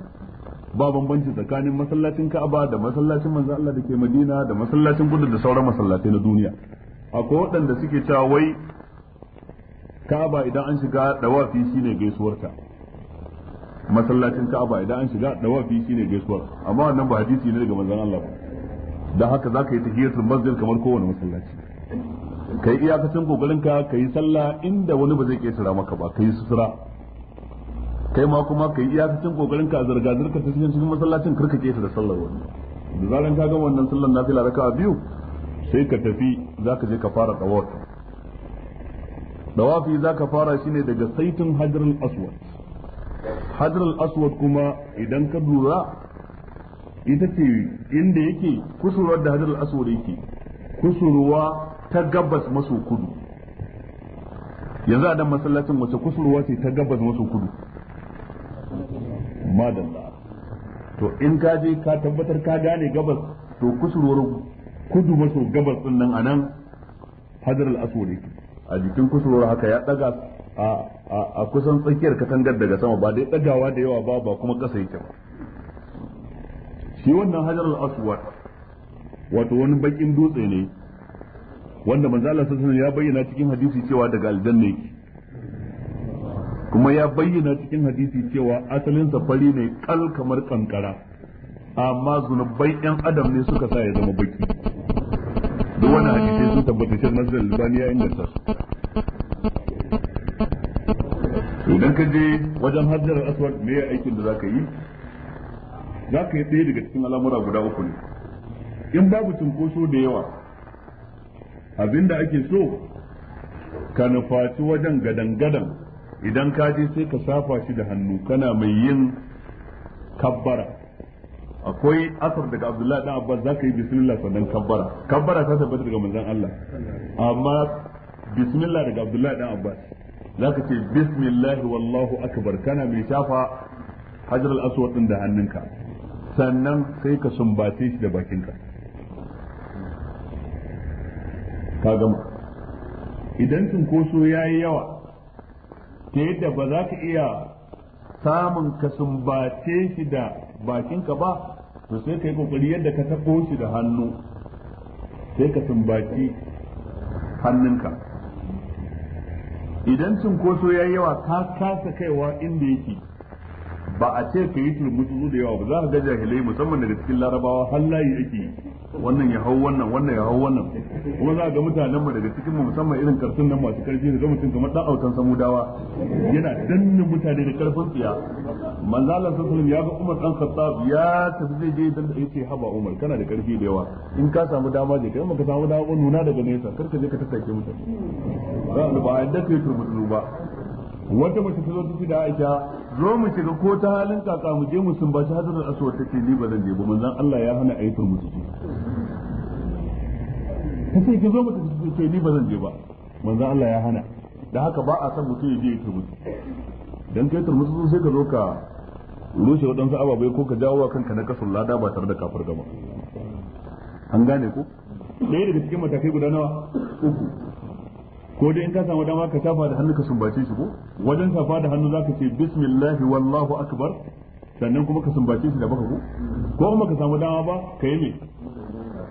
ba bambanci tsakanin masallacin Ka'aba da masallacin manzo Allah da ke Madina da masallacin gudu da sauran masallatai na duniya akwai waɗanda suke cewa wai Ka'aba idan an shiga dawafi shine gaisuwarta masallacin Ka'aba idan an shiga dawafi shine gaisuwar amma wannan ba hadisi ne daga manzon Allah ba da haka za ka yi tahiyatul masjid kamar kowane masallaci kai iyakacin kokarin ka kai sallah inda wani ba zai ketara maka ba kai sutura kai ma kuma kai iyakacin kokarin ka zarga zarka ta cikin cikin masallacin karka ketara sallar wani da zaran ka gama wannan sallar nafila raka'a biyu sai ka tafi za ka je ka fara tsawar dawafi ka fara shine daga saitin hajarul aswad hajarul aswad kuma idan ka lura ita ce inda yake kusurwar da hajar aswad yake kusurwa ta gabas maso kudu yanzu a masallacin wace kusurwa ce ta gabas maso kudu madalla to in ka je ka tabbatar ka gane gabas to kusurwar kudu maso gabas din nan anan hajar al-aswad yake a jikin kusurwar haka ya daga a kusan tsakiyar katangar daga sama ba dai dagawa da yawa ba ba kuma kasa yake ba shi wannan Hajar aswad wato wani bakin dutse ne wanda manzo Allah sallallahu ya bayyana cikin hadisi cewa daga aljanna yake kuma ya bayyana cikin hadisi cewa asalin sa fari ne kal kamar kankara amma zunubai yan adam ne suka sa ya zama baki duk wani hadisi sun tabbata shi Nasr al-Albani ya inganta idan ka je wajen hajjar aswad me ya aikin da za ka yi za ka yi tsaye daga cikin al'amura guda uku ne in babu cunkoso da yawa abin da ake so ka nufaci wajen gadan-gadan idan ka je sai ka safa shi da hannu kana mai yin kabbara akwai asar daga abdullahi ɗan abbas ka yi bismillah sannan kabbara kabbara ta tabbata daga manzan Allah amma bismillah daga abdullahi ɗan abbas ka ce bismillah wallahu akbar kana mai shafa hajar al'asuwa ɗin da hannunka sannan sai ka sumbace shi da bakinka ka gama idan cunkoso ya yi yawa ta yadda ba za ka iya samun ka sumbace shi da bakinka ba to sai ka yi kokari yadda ka taɓo shi da hannu sai ka sumbaci hannunka idan cunkoso ya yi yawa ka kasa kaiwa inda yake ba a ce ka yi turmutu da yawa ba za a ga jahilai musamman daga cikin larabawa har layi ake yi wannan ya hau wannan wannan ya hau wannan kuma za a ga mutanen mu daga cikin mu musamman irin karfin nan masu karfi da mutum kamar dan autan samudawa yana danna mutane da karfin tsiya Manzalan sallallahu alaihi ya ga Umar dan Khattab ya tafi zai je dan yake haba Umar kana da karfi da yawa in ka samu dama je kai ka samu dama nuna daga nesa karka je ka tattake mutane ba ba yadda kai turmutu ba wata mace ta zo ta da Aisha zo mu shiga ko ta halin kaka mu je mu sumbaci hadarin aswad take ni ba zan je ba manzan Allah ya hana ayi mu ciki ta ce ki zo mu ce ni ba zan je ba manzan Allah ya hana da haka ba a san mutum ya je ya turmu dan kai turmu sai ka zo ka rushe su ababai ko ka jawo kanka na kasul lada ba tare da kafar gama an gane ko ɗaya daga cikin matakai guda nawa uku ko dai in ka samu dama ka tafa da hannu ka sumbace shi ko wajen tafa da hannu zaka ce bismillah wallahu akbar sannan kuma ka sumbace shi da baka ko ko kuma ka samu dama ba ka yi ne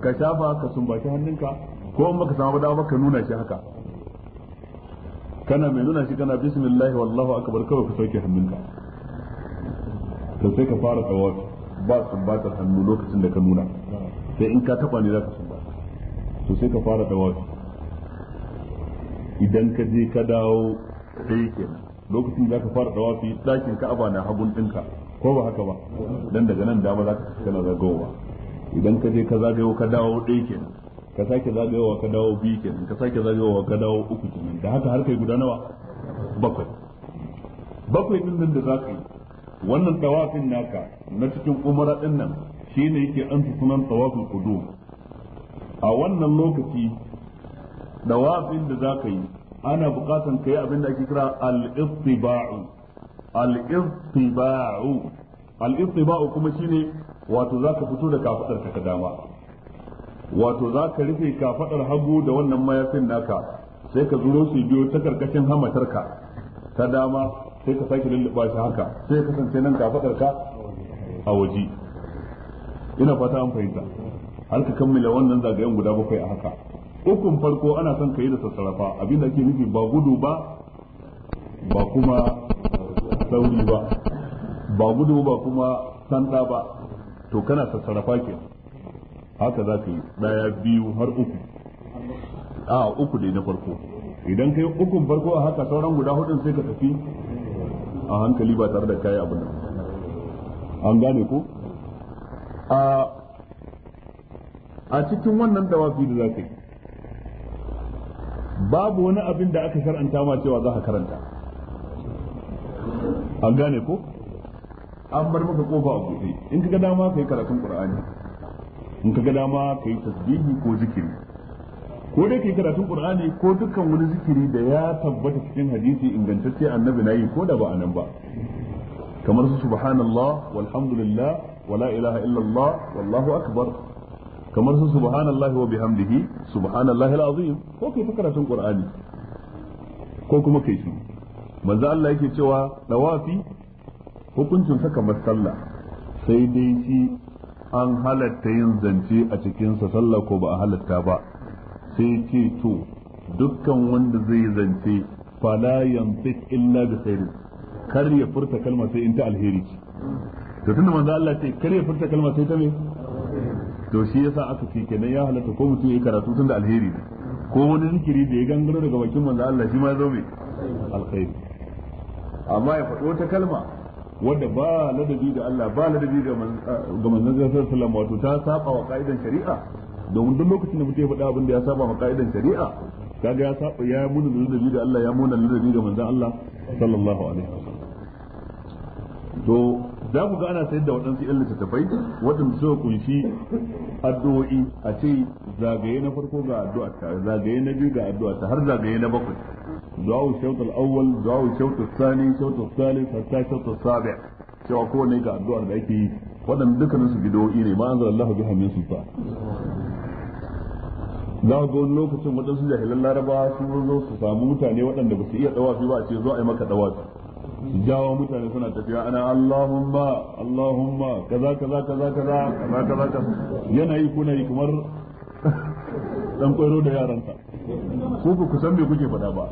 ka tafa ka sumbace hannunka ko kuma ka samu dama ba ka nuna shi haka kana mai nuna shi kana bismillah wallahu akbar kawai ka sauke hannunka to sai ka fara tsawafi ba sumbatar hannu lokacin da ka nuna sai in ka taba ne zaka sumbata to sai ka fara tsawafi idan ka je ka dawo sai kenan lokacin da ka fara fi dakin ka'aba na hagun dinka ko ba haka ba dan daga nan dama za ka kana zagawa idan ka je ka zagayo ka dawo ɗaya ka sake zagayowa ka dawo biyu ke ka sake zagayowa ka dawo uku kenan da haka har kai guda nawa bakwai bakwai din nan da za ka yi wannan tawafin naka na cikin umara din nan shine yake an sunan tawafin kudu a wannan lokaci Da dawafin da za ka yi ana bukatan ka yi abin da ake kira al-istiba'u al-istiba'u al-istiba'u kuma shine wato za ka fito da kafadar ka dama wato za ka rufe kafaɗar hagu da wannan mayafin naka sai ka zuro su biyo ta karkashin hamatarka ta dama sai ka sake lulluɓa shi haka sai kasance nan kafadar ka a waje ina fata an fahimta har ka kammala wannan zagayen guda bakwai a haka ukun farko ana son ka yi da sassarafa abinda ake nufi ba gudu ba ba kuma sauri ba ba gudu ba kuma sanda ba to kana sassarafa ke haka za ka yi daya biyu har uku a uku dai na farko idan ka yi ukun farko a haka sauran guda hudun sai ka tafi a hankali ba tare da kayi abu nan an gane ko a cikin wannan dawafi da za ka yi babu wani abin da aka karanta ma cewa za a karanta an gane ko an bar maka kofa a buɗe in kaga dama kai karatun qur'ani in kaga dama kai tasbihi ko zikiri ko dai kai karatun qur'ani ko dukkan wani zikiri da ya tabbata cikin hadisi ingantacce annabi nayi ko da ba anan ba kamar su subhanallah walhamdulillah wala ilaha illallah wallahu akbar kamar su subhanallahi wa bihamdihi subhanallahi alazim ko kai ta karatun qur'ani ko kuma kai shi manzo Allah yake cewa dawafi hukuncin sa kamar sallah sai dai shi an halatta yin zance a cikin sa sallah ko ba a halatta ba sai ce to dukkan wanda zai zance fala yanfit illa bi khair kar ya furta kalma sai in ta alheri to tunda manzo Allah ce kar ya furta kalma sai ta me to shi yasa aka ce kenan ya halatta ko mutum yayi karatu tun da alheri ne ko wani zikiri da ya gangaro daga bakin manzo Allah shi ma zo mai alkhairi amma ya faɗo ta kalma wanda ba ladabi da Allah ba ladabi ga manzon sallallahu alaihi wasallam wato ta saba wa kaidan shari'a domin duk lokacin da mutum ya faɗa abin da ya saba wa kaidan shari'a kaga ya saba ya muna ladabi da Allah ya muna ladabi ga manzon Allah sallallahu alaihi wasallam to za ku ga ana sayar da waɗansu ƴan littattafai waɗanda suka kunshi addu'o'i a ce zagaye na farko ga addu'a ta zagaye na biyu ga addu'a ta har zagaye na bakwai zuwa shawt al-awwal du'a shawt shautar Sani, shawt al-thalith hatta shawt Cewa sabi cewa ga addu'ar da ake yi waɗanda dukkanin su bid'o'i ne ma anzalallahu biha min sultan za ga wani lokacin waɗansu jahilan laraba sun zo su samu mutane waɗanda ba su iya ɗawafi ba a ce zo a yi maka ɗawafi jawo mutane suna tafiya ana Allahumma Allahumma kaza kaza kaza kaza kaza kaza yanayi yana yi kuna yi kamar dan kwairo da yaransa ko ku san me kuke faɗa ba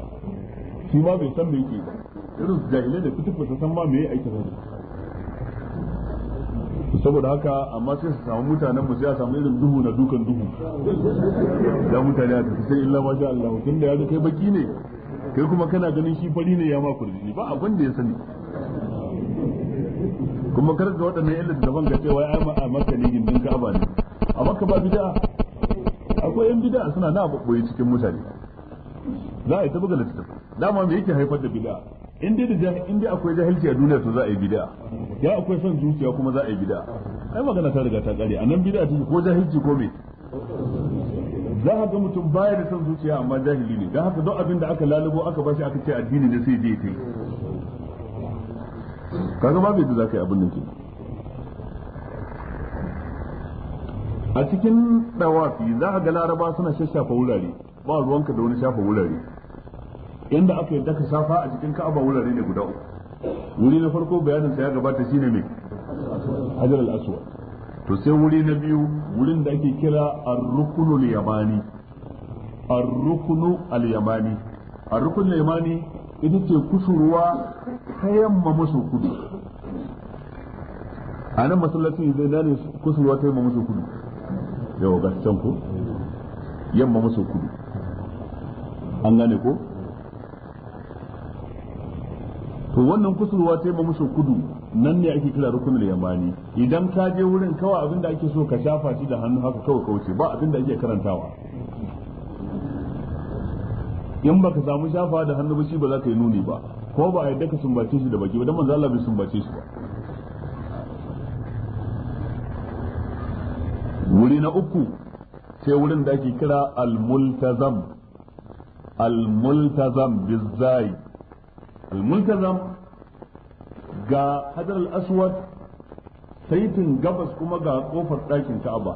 shi ma bai san me yake ba irin jahilai da kuke ta san ma me yake aiki sa saboda haka amma sai su samu mutanen mu sai a samu irin duhu na dukan duhu da mutane a tafi sai illa ma sha Allah tunda ya kai baki ne kai kuma kana ganin shi fari ne ya ma kurji ba abin da ya sani kuma kar ga waɗannan yan littattafan ga cewa ai ma a maka ne gindin ba ne a maka ba bid'a akwai yan bid'a suna na babboye cikin mutane za a yi ta buga littattafan dama me yake haifar da bid'a in dai da in dai akwai jahilci a duniya to za a yi bid'a ya akwai son zuciya kuma za a yi bid'a ai magana ta riga ta kare anan bid'a take ko jahilci ko me za ka ga mutum baya da son zuciya amma jahili ne don haka duk abin da aka lalubo aka bashi aka ce addini ne sai je kai kaga babu yadda za ka yi abin nan a cikin dawafi za ka ga laraba suna shashafa wurare ba ruwanka da wani shafa wurare inda aka yadda ka shafa a cikin ka'aba wurare ne guda uku wuri na farko bayanin sa ya gabata shine mai hajar al-aswad to sai wuri na biyu wurin da ake kira ar-ruknu al-yamani ar-ruknu al-yamani ar-ruknu al-yamani ita ce kusurwa ta yamma musu kudu a nan masallacin zai dane kusurwa ta yamma musu kudu yau ga can ko yamma musu kudu an gane ko to wannan kusurwa ta yamma musu kudu nan ne ake kira rukunul yamani idan ka je wurin kawai abin da ake so ka shafa shi da hannu haka kawai kauce ba abin da ake karantawa in baka samu shafa da hannu ba shi ba za ka yi nuni ba ko ba a yadda ka sumbace shi da baki ba dan manzo Allah bai sumbace shi ba wuri na uku sai wurin da ake kira al-multazam al-multazam bizai al-multazam ga hadar al-aswad saitin gabas kuma ga kofar ɗakin ka'aba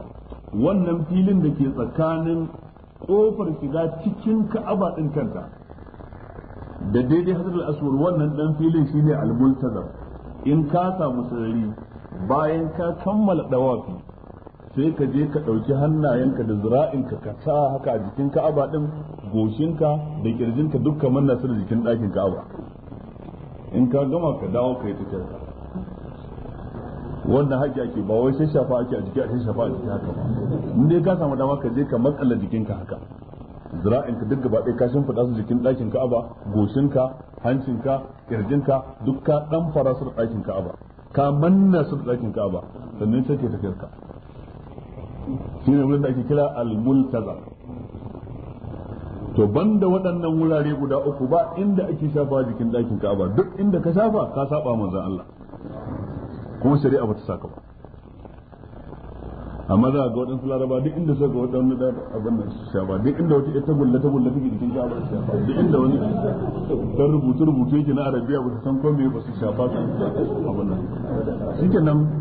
wannan filin da ke tsakanin kofar shiga cikin ka'aba ɗin kanta da daidai hadar al wannan ɗan filin shine al-multazam in ka samu sarari bayan ka kammala ɗawafi, sai ka je ka ɗauki hannayenka da zira'inka ka sa haka a jikin ka'aba ɗin goshinka da ƙirjinka dukkan manna su da jikin ɗakin ka'aba in ka gama ka dawo ka yi ta tafiyar wannan haƙi ake ba wai shafa ake a jiki a shafa a jiki haka ba in dai ka samu dama ka je ka matsala jikinka haka zira'inka duk gaba ɗaya ka fada su jikin ɗakin aba, goshinka hancinka ƙirjinka, duk ka ɗan fara su ɗakin ka aba. ka manna su ɗakin ka aba. sannan sai ke ka shi ne wurin da ake kira al-multaza to banda waɗannan wurare guda uku ba inda ake shafa jikin ɗakin Ka'aba duk inda ka shafa ka saba manzon Allah kuma shari'a ba ta saka ba amma za ga waɗansu laraba duk inda suka ga waɗansu da abin da su shafa duk inda wata ita gulla ta gulla take jikin Ka'aba su shafa duk inda wani dan rubutu rubutu yake na Arabiya ba su san ko me ba su shafa su abin nan shikenan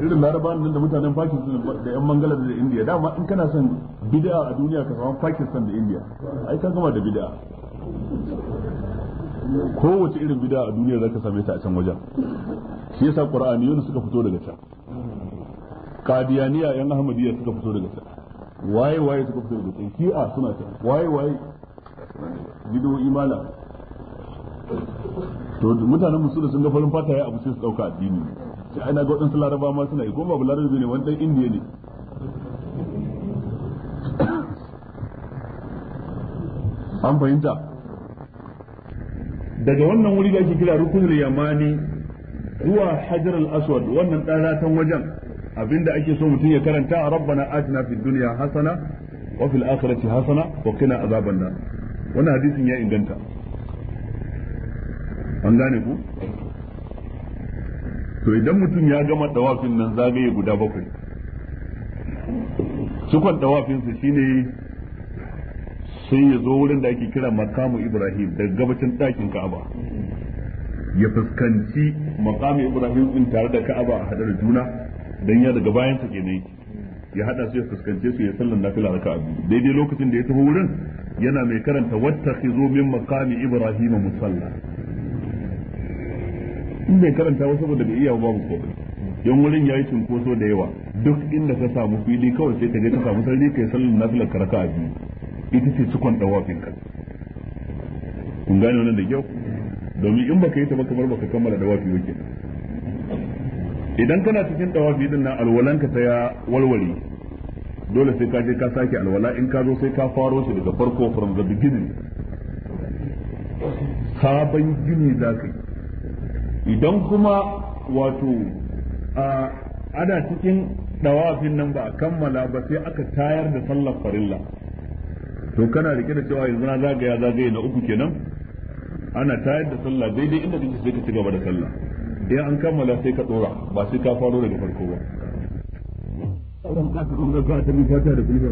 irin laraba nan da mutanen Pakistan da yan mangala da India dama in kana son bid'a a duniya ka samu Pakistan da India ai ka gama da bid'a kowace irin bid'a a duniya zaka same ta a can wajen shi yasa Qur'aniyun suka fito daga can Qadiyaniya yan Ahmadiyya suka fito daga can waye waye suka fito daga can Shi'a suna can waye waye gido imala to mutanen musulun sun ga farin fata ya abu sai su dauka addini ne sai ana ga waɗansu laraba ma suna yi ko babu larabi ne wani ɗan indiya ne an fahimta daga wannan wuri da ake kira rukunin yamani zuwa hajar al-aswad wannan ɗanatan wajen abinda ake so mutum ya karanta rabbana atina fi duniya hasana wa fil akhirati hasana wa qina azaban nar wannan hadisin ya inganta an gane ku to idan mutum ya gama dawafin nan zagaye guda bakwai cikon dawafinsa shine sai ya zo wurin da ake kira makamu ibrahim daga gabacin ɗakin ka'aba ya fuskanci makamu ibrahim ɗin tare da ka'aba a hadar juna dan ya daga bayan ke kenan ya hada su ya fuskance su ya sallan nafila da ka'abi daidai lokacin da ya tafi wurin yana mai karanta wata zo min makami ibrahim musalla in bai karanta ba saboda bai iya babu ko yan wurin yayi cinkoso da yawa duk inda ka samu fili kawai sai ka je ka samu sarri kai sallar nafilar karaka a biyu ita ce cikon dawafin ka kun gane wannan da kyau domin in baka yi ta ba kamar baka kammala dawafi ba kenan idan kana cikin dawafi din nan ka ta ya walwale dole sai ka je ka sake alwala in ka zo sai ka faro shi daga farko from the beginning sabon gini za ka yi idan kuma wato ana cikin dawafin nan ba a kammala ba sai aka tayar da sallar farilla to kana rike da cewa yanzu na zagaya zagaye na uku kenan ana tayar da sallah daidai inda kake sai ka ci gaba da sallah idan an kammala sai ka dora ba sai ka faro daga farko ba sauran kasu kuma ka ta mi fata da kullu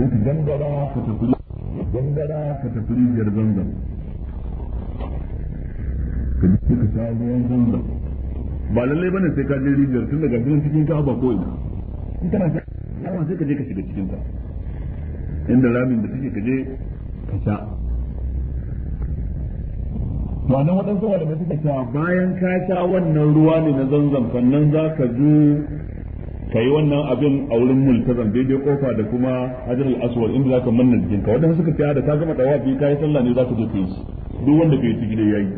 Allah ku gangara ku tafi gangara ku tafi jar ka ji ka sha ruwan zanzan ba lallai bane sai ka je rijiyar tun daga cikin cikin ka'aba ko ina in kana sha amma sai ka je ka shiga cikin ka. inda ramin da take ka je ka sha to nan waɗansu malamai suka sha bayan ka sha wannan ruwa ne na zanzan sannan za ka zo ka yi wannan abin a wurin multazam daidai kofa da kuma hajar al inda za ka manna jikinka wadanda suka ce da ka gama dawafi ka yi sallah ne zaka je ka yi duk wanda ka yi ciki da yi.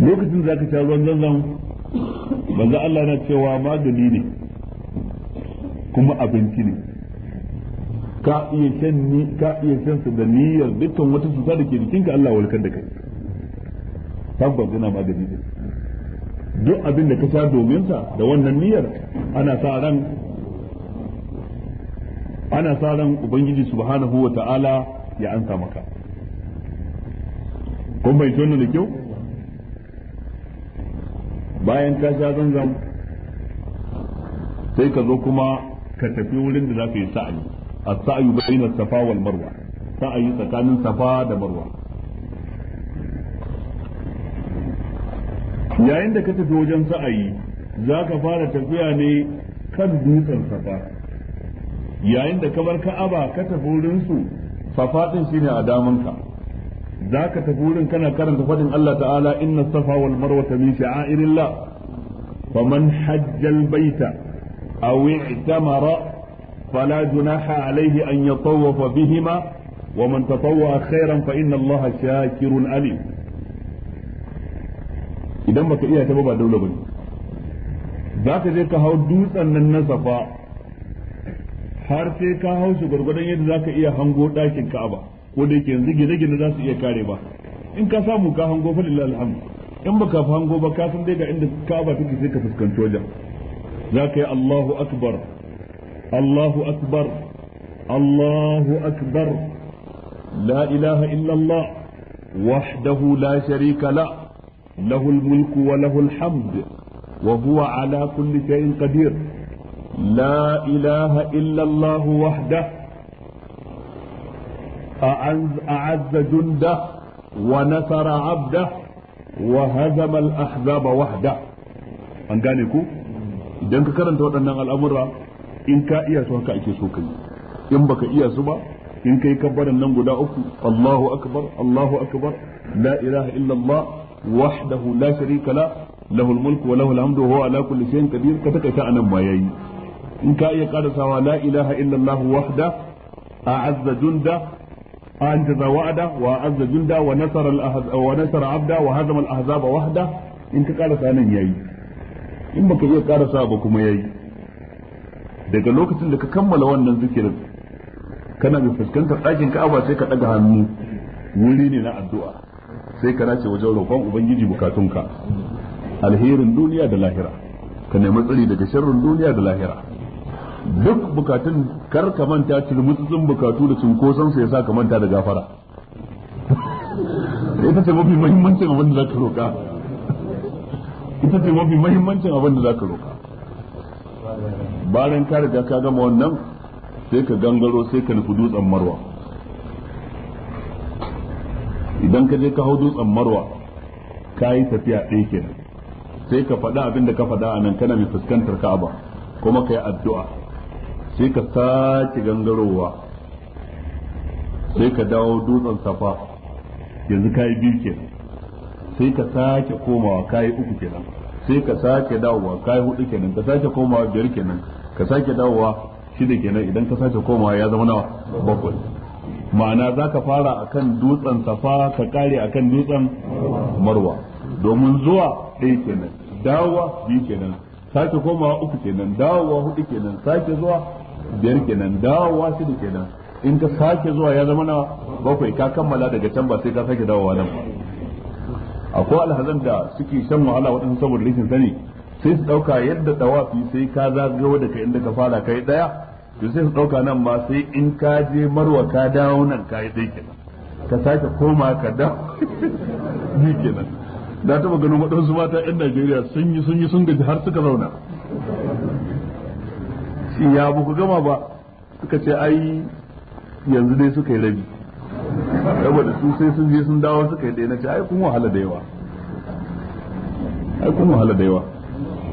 lokacin da zaka sha ruwan zanzan manzo Allah na cewa magani ne kuma abinci ne ka iya shan ni ka iya shan su da niyyar dukkan wata cuta da ke jikinka Allah walkar da kai tabbas yana magani ne duk abin da ka sha domin sa da wannan niyyar ana sa ran ana sa ran ubangiji subhanahu wa ta'ala ya ansa maka kun bai wannan da kyau bayan ka sha zanzam sai ka zo kuma ka tafi wurin da za ka yi sa'ayi a sayu bayna safa wal marwa sa'ayi tsakanin safa da marwa yayin da ka tafi wajen sa'ayi za ka fara tafiya ne kan dutsen safa yayin da ka bar ka'aba ka tafi wurin su safa din shine a damanka zaka tafi wurin kana karanta fadin Allah ta'ala inna safa wal marwa min sha'airillah faman hajja baita aw i'tamara fala junaha alayhi an yatawafa bihima wa man tatawwa khairan fa inna Allah shakirun alim idan baka iya ta ba daula bane zaka je ka hau dutsen nan na safa har sai ka hau shi gurgurdan yadda ka iya hango ɗakin Ka'aba ko da yake yanzu gine-gine za su iya kare ba in ka samu ka hango fa lillahi alhamd in baka hango ba ka san dai ga inda Ka'aba take sai ka fuskanci wajen zaka yi Allahu akbar Allahu akbar Allahu akbar la ilaha illa wahdahu la sharika la lahu mulku wa lahu alhamd wa ala kulli shay'in qadir la ilaha illa أعز جنده ونصر عبده وهزم الأحزاب وحده an gane ku idan ka karanta waɗannan al'amura in ka iya su haka ake so kai in baka iya su ba in kai kabbaran nan guda uku Allahu akbar Allahu akbar la ilaha illallah wahdahu la sharika la lahu mulku wa lahu alhamdu wa huwa ala kulli shay'in qadir ka takaita anan ma yayi in ka iya karasawa la ilaha illallah wahda a'azza junda أنجز وعده وأعز wa ونصر الأهز ونصر عبده وهزم الأحزاب وحده إن كقال ثانيا ياي إن بك يا قال سابكم ياي daga lokacin da ka kammala wannan zikirin kana da fuskantar ɗakin ka'aba sai ka ɗaga hannu wuri ne na addu'a sai ka nace wajen roƙon ubangiji bukatunka alherin duniya da lahira ka nemi tsari daga sharrin duniya da lahira duk bukatun kar ka manta turmutsun bukatu da cunkoson ya sa ka manta da gafara ita ce mafi muhimmancin abin da zaka roka ita ce mafi muhimmancin abin da zaka roka bayan ka riga ka gama wannan sai ka gangaro sai ka nufi dutsen marwa idan ka je ka hau dutsen marwa ka yi tafiya ɗaya kenan sai ka faɗa abin da ka faɗa a nan kana mai fuskantar ka'aba kuma ka yi addu'a sai ka sake gangarowa sai ka dawo dutsen safa yanzu ka yi biyu kenan sai ka sake komawa ka yi uku kenan sai ka sake dawowa ka yi hudu kenan ka sake komawa biyar kenan ka sake dawowa shida kenan idan ka sake komawa ya zama nawa bakwai ma'ana za ka fara a kan dutsen safa ka kare a kan dutsen marwa domin zuwa ɗaya kenan dawowa biyu kenan sake komawa uku kenan dawowa hudu kenan sake zuwa biyar kenan dawowa da kenan in ka sake zuwa ya zama na bakwai ka kammala daga can ba sai ka sake dawowa nan akwai alhazan da suke shan wahala waɗansu saboda rikin sani sai su ɗauka yadda ɗawafi sai ka zagawa daga inda ka fara kai ɗaya to sai su ɗauka nan ma sai in ka je marwa ka dawo nan ka yi ɗai kenan ka sake koma ka da ni kenan na taɓa ganin waɗansu mata 'yan Najeriya sun yi sun yi sun gaji har suka zauna ya ba ku gama ba suka ce ai yanzu dai suka yi rabi saboda su sai sun je sun dawo suka yi dai na ce ai kun wahala da yawa ai kun wahala da yawa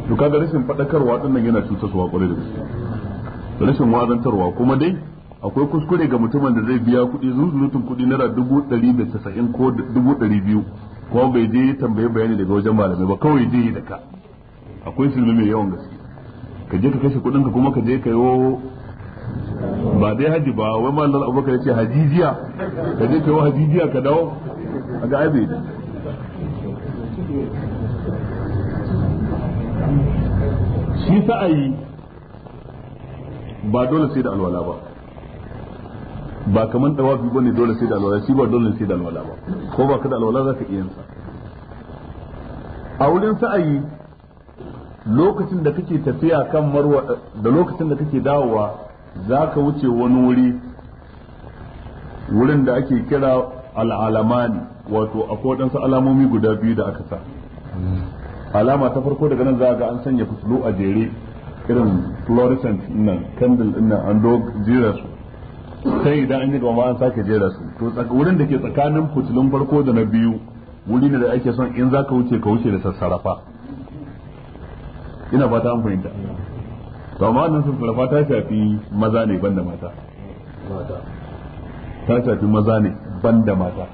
to kaga rashin fadakarwa ɗin nan yana cutarwa ƙwarai da gaske rashin wazantarwa kuma dai akwai kuskure ga mutumin da zai biya kuɗi zuzurutun kuɗi naira dubu ɗari da tasa'in ko dubu ɗari biyu kuma bai je tambaye bayani daga wajen malamai ba kawai je da ka akwai silmi mai yawan gaske ka je ka kashe kudin ka kuma ka je ka yi ba dai haji ba wai Allah abubakar yace hajijiya ka je ka yi hajijiya ka dawo a ga aibe shi sa'ayi ba dole sai da alwala ba ba kaman tawafi ba ne dole sai da alwala shi ba dole sai da alwala ba ko ba ka da alwala za ka iya sa a wurin sa'ayi lokacin da kake tafiya kan marwa da lokacin da kake dawowa za ka wuce wani wuri wurin da ake kira al'alamani wato akwai waɗansu alamomi guda biyu da aka sa alama ta farko daga nan za ga an sanya fitilu a jere irin fluorescent nan candle din nan an do jera su sai idan an yi gama an sake jera su to wurin da ke tsakanin fitilun farko da na biyu wuri ne da ake son in za ka wuce ka wuce da sassarafa ina fata an fahimta to amma wannan sun fara ta shafi maza ne banda mata ta shafi maza ne banda mata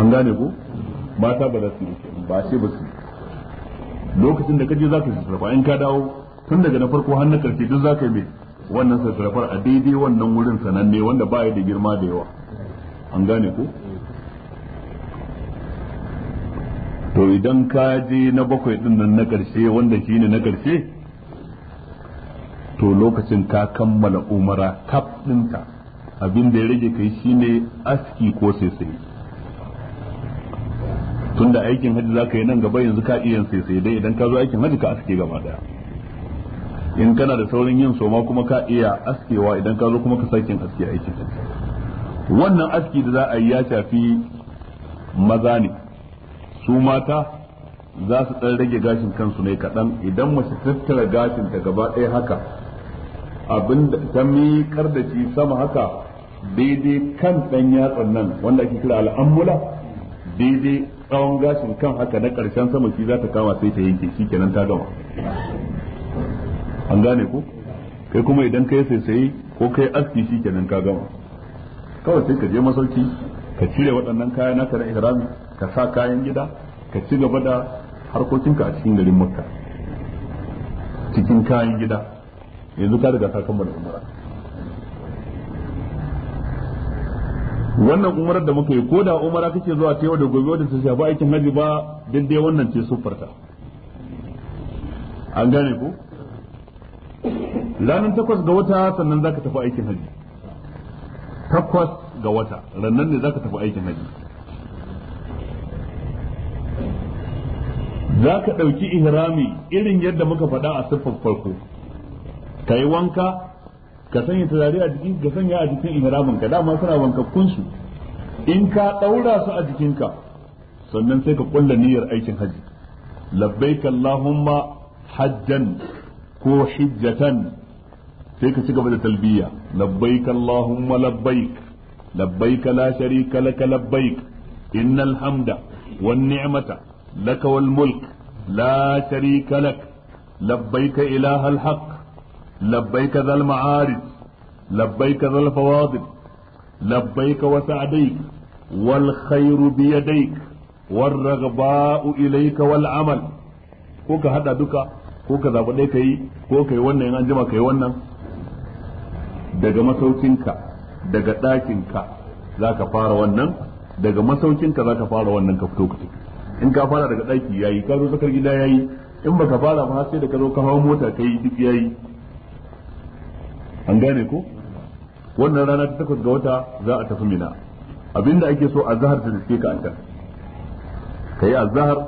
an gane ko mata ba za su yi ba ce ba su lokacin da kaje za ka sarrafa in ka dawo tun daga na farko har na karshe duk za ka yi mai wannan sarrafar a daidai wannan wurin sananne wanda ba ya da girma da yawa an gane ko to idan ka je na bakwai din nan na ƙarshe wanda shi ne na ƙarshe to lokacin ka kammala umara kaf ɗinta abin da ya rage kai shi ne aski ko sai tunda aikin hajji za ka yi nan gaba yanzu ka iya sai dai idan ka zo aikin hajji ka aske gaba daya in kana da saurin yin soma kuma ka iya askewa idan ka zo kuma ka sake aske aikin wannan aski da za a yi ya shafi maza ne su mata za su ɗan rage gashin kansu ne kaɗan idan mace tattara gashin ta gaba ɗaya haka abin ta miƙar da shi sama haka daidai kan ɗan yatsan nan wanda ake kira al'amula daidai tsawon gashin kan haka na ƙarshen sama shi za ta kama sai ta yanke shi kenan ta gama an gane ko kai kuma idan kai sai ko kai aski shi kenan ka gama kawai sai ka je masauki ka cire waɗannan kayan naka na ihrami ka sa kayan gida ka ci gaba da harkokinka a cikin garin makka cikin kayan gida yanzu ka riga ka kammala umara wannan umarar da muka yi ko da umara kake zuwa ta yau da gobe wadda ta shafi aikin haji ba daidai wannan ce sufarta an gane ku ranar takwas ga wata sannan za ka tafi aikin haji takwas ga wata rannan ne za ka tafi aikin haji za ka ɗauki ihrami irin yadda muka faɗa a siffar farko ka yi wanka ka sanya turare a jikin ka sanya a jikin ihramin ka dama suna wankakkun su in ka ɗaura su a jikinka sannan sai ka ƙulla niyyar aikin haji Labbaika allahumma hajjan ko hijjatan sai ka ci gaba da talbiya Labbaika allahumma labbaik Labbaika la sharika laka labbaik innal hamda wan ni'mata لك والملك لا شريك لك لبيك إله الحق لبيك ذا المعارج لبيك ذا الفواضل لبيك وسعديك والخير بيديك والرغباء إليك والعمل كوكا هذا دكا كوكا ذا بديك اي كوكا يوانا ينجم كي يوانا daga masaukinka daga ɗakinka za ka fara wannan daga masaukinka za ka fara wannan ka fito ka tafi in ka fara daga daki yayi ka zo tsakar gida yayi in baka fara ba sai da ka zo ka hawo mota kai duk yayi an gane ko wannan rana ta takwas ga wata za a tafi mina abinda ake so a zahar ta dace ka yi kai zahar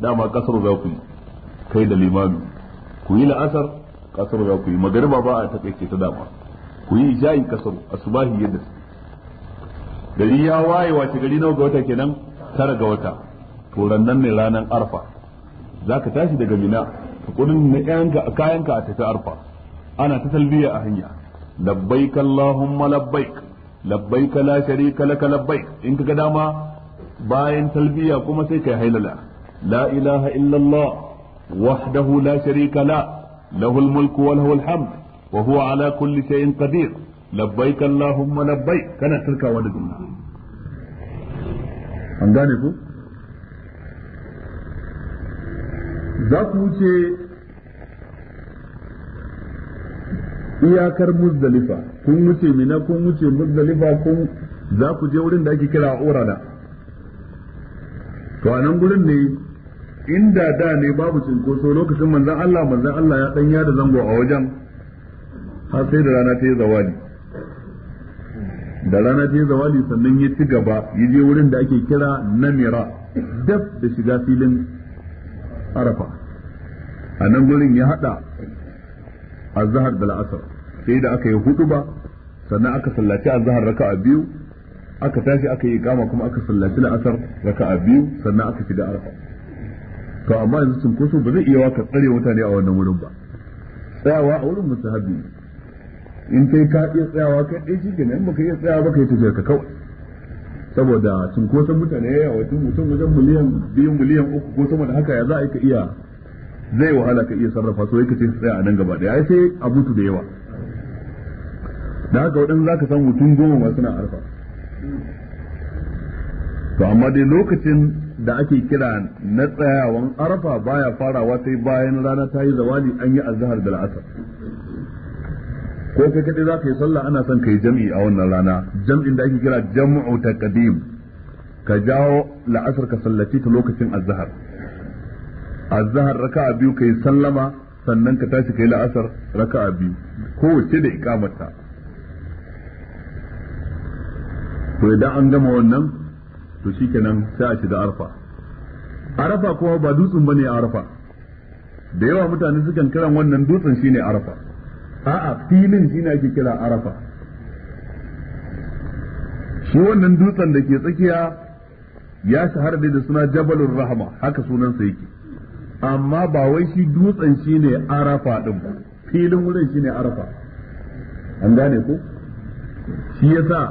dama kasar za ku yi kai da limami ku yi la'asar kasar za ku yi magariba ba a takaice ta dama ku yi ija'i kasar asubahi yadda gari ya waye wace gari nawa ga wata kenan tara ga wata to rannan ne ranar arfa za ka tashi daga mina ka kudin na kayanka a tafi arfa ana ta talbiya a hanya labbaik labbai labbaik labbaik la kala laka in ka dama bayan talbiya kuma sai kai hailala la ilaha illallah wahdahu la sharika la lahul mulku wa lahul hamd wa huwa ala kulli shay'in qadir labbaik allahumma labbaik kana tilkawa da an gane ku za ku wuce iyakar muzdalifa kun wuce mina kun wuce muzdalifa kun za ku je wurin da ake kira urada to anan gurin ne inda da ne babu cinkoso lokacin manzan Allah manzan Allah ya dan da zango a wajen har sai da rana ta yi zawali da rana ta yi zawali sannan ya ci gaba ya je wurin da ake kira namira daf da shiga filin arafa a nan gurin ya hada zahar da la'asar sai da aka yi hudu ba sannan aka sallaci azhar raka'a biyu aka tashi aka yi kama kuma aka sallaci la'asar raka'a biyu sannan aka shiga arafa to amma yanzu cunkoso ba zai iya waka tsare mutane a wannan wurin ba tsayawa a wurin musahabi in kai ka iya tsayawa kai ɗaya shi kenan in ka iya tsayawa ba kai tafiyar ka kawai saboda cunkoson mutane ya yawa mutum wajen miliyan biyu miliyan uku ko sama da haka ya za a ka iya zai wahala ka iya sarrafa so yake ce su tsaya a nan gaba ai sai a mutu da yawa da haka waɗanda za ka san mutum goma ma suna arfa to amma dai lokacin da ake kira na tsayawan arfa baya farawa sai bayan rana ta yi zawali an yi azhar da la'asar ko kai kadai za ka yi sallah ana son ka yi jam'i a wannan rana jam'in da ake kira jam'u taqdim ka jawo la'asar ka sallaci ta lokacin azhar azhar raka'a biyu kai sallama sannan ka tashi kai la'asar raka'a biyu wace da ikamarta to idan an gama wannan to shikenan sai a shiga arfa arfa kuma ba dutsen bane arfa da yawa mutane sukan kiran wannan dutsen shine arfa. a'a filin ne ake kira arafa shi wannan dutsen da ke tsakiya ya shahara da suna jabalun rahama haka sunansa yake amma ba wai shi dutsen shi ne arafa din ba filin wurin shi ne arafa an gane ko shi yasa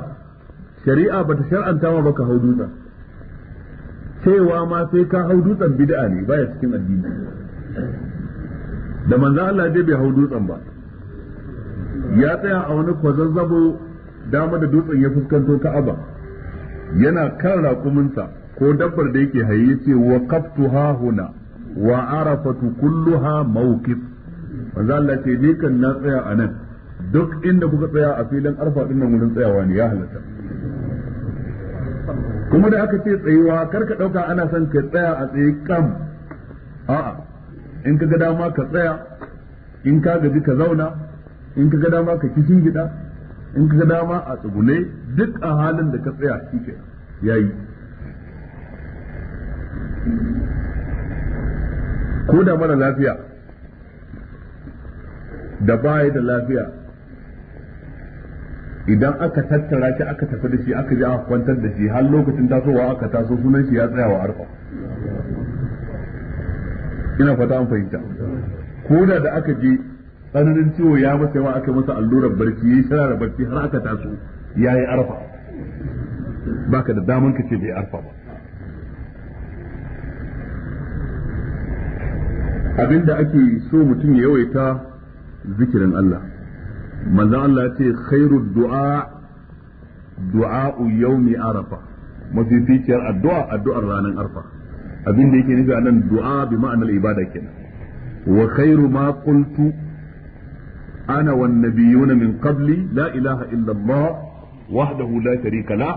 shari'a bata shar'anta ma baka hau dutsen cewa ma sai ka hau dutsen bid'a ne baya cikin addini da manzo Allah bai hau dutsen ba ya tsaya a wani kwazazzabo dama da dutsen ya fuskanto ka'aba yana kan raƙuminsa ko dabbar da yake haye ce wa kaftu ha huna wa arafatu kulluha mawqif manzo Allah ce ni kan na tsaya a nan duk inda kuka tsaya a filin arfa din nan wurin tsayawa ne ya halatta kuma da aka ce tsayuwa kar ka dauka ana son ka tsaya a tsaye kam a'a in ka ga dama ka tsaya in ka gaji ka zauna in ka ga dama ka kishin gida in ka ga dama a tsugune duk a halin da ka tsaya shi ke yayi ko da mara lafiya da baya da lafiya idan aka tattara shi aka tafi da shi aka je aka kwantar da shi har lokacin tasowa aka taso sunan shi ya tsaya wa arfa ina fata an fahimta ko da da aka je tsananin ciwo ya masa yawa aka masa allurar barci yayi shara barci har aka taso yayi arfa ka da daman ka ce bai arfa ba abinda ake so mutum ya yawaita zikirin Allah manzon Allah ya ce khairu du'a du'a yawmi arafa mafificiyar addu'a addu'ar ranar arfa abinda yake nufi a nan du'a bi ma'anar ibada kenan wa khairu ma qultu ana wan nabiyuna min qabli la ilaha illa Allah wahdahu la sharika la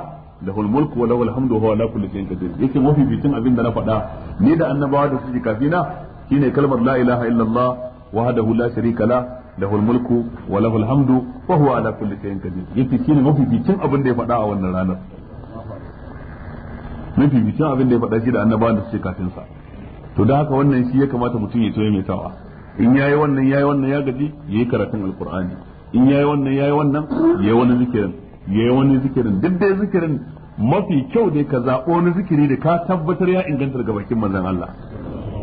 lahul mulku wa lahul ala kulli shay'in qadir yake mafi abin da na faɗa ni da annabawa da suke kafina shine kalmar la ilaha illa له الملك وله الحمد وهو على كل شيء قدير yake shine mafificin abin da ya faɗa a wannan ranar mafificin abin da ya faɗa shi da annabawan da suke kafin sa to da haka wannan shi ya kamata mutum ya so mai sawa in yayi wannan yayi wannan ya gaji yayi karatun alqur'ani in yayi wannan yayi wannan yayi wani zikirin yayi wani zikirin duk dai zikirin mafi kyau dai ka zaɓo wani zikiri da ka tabbatar ya inganta daga bakin manzon Allah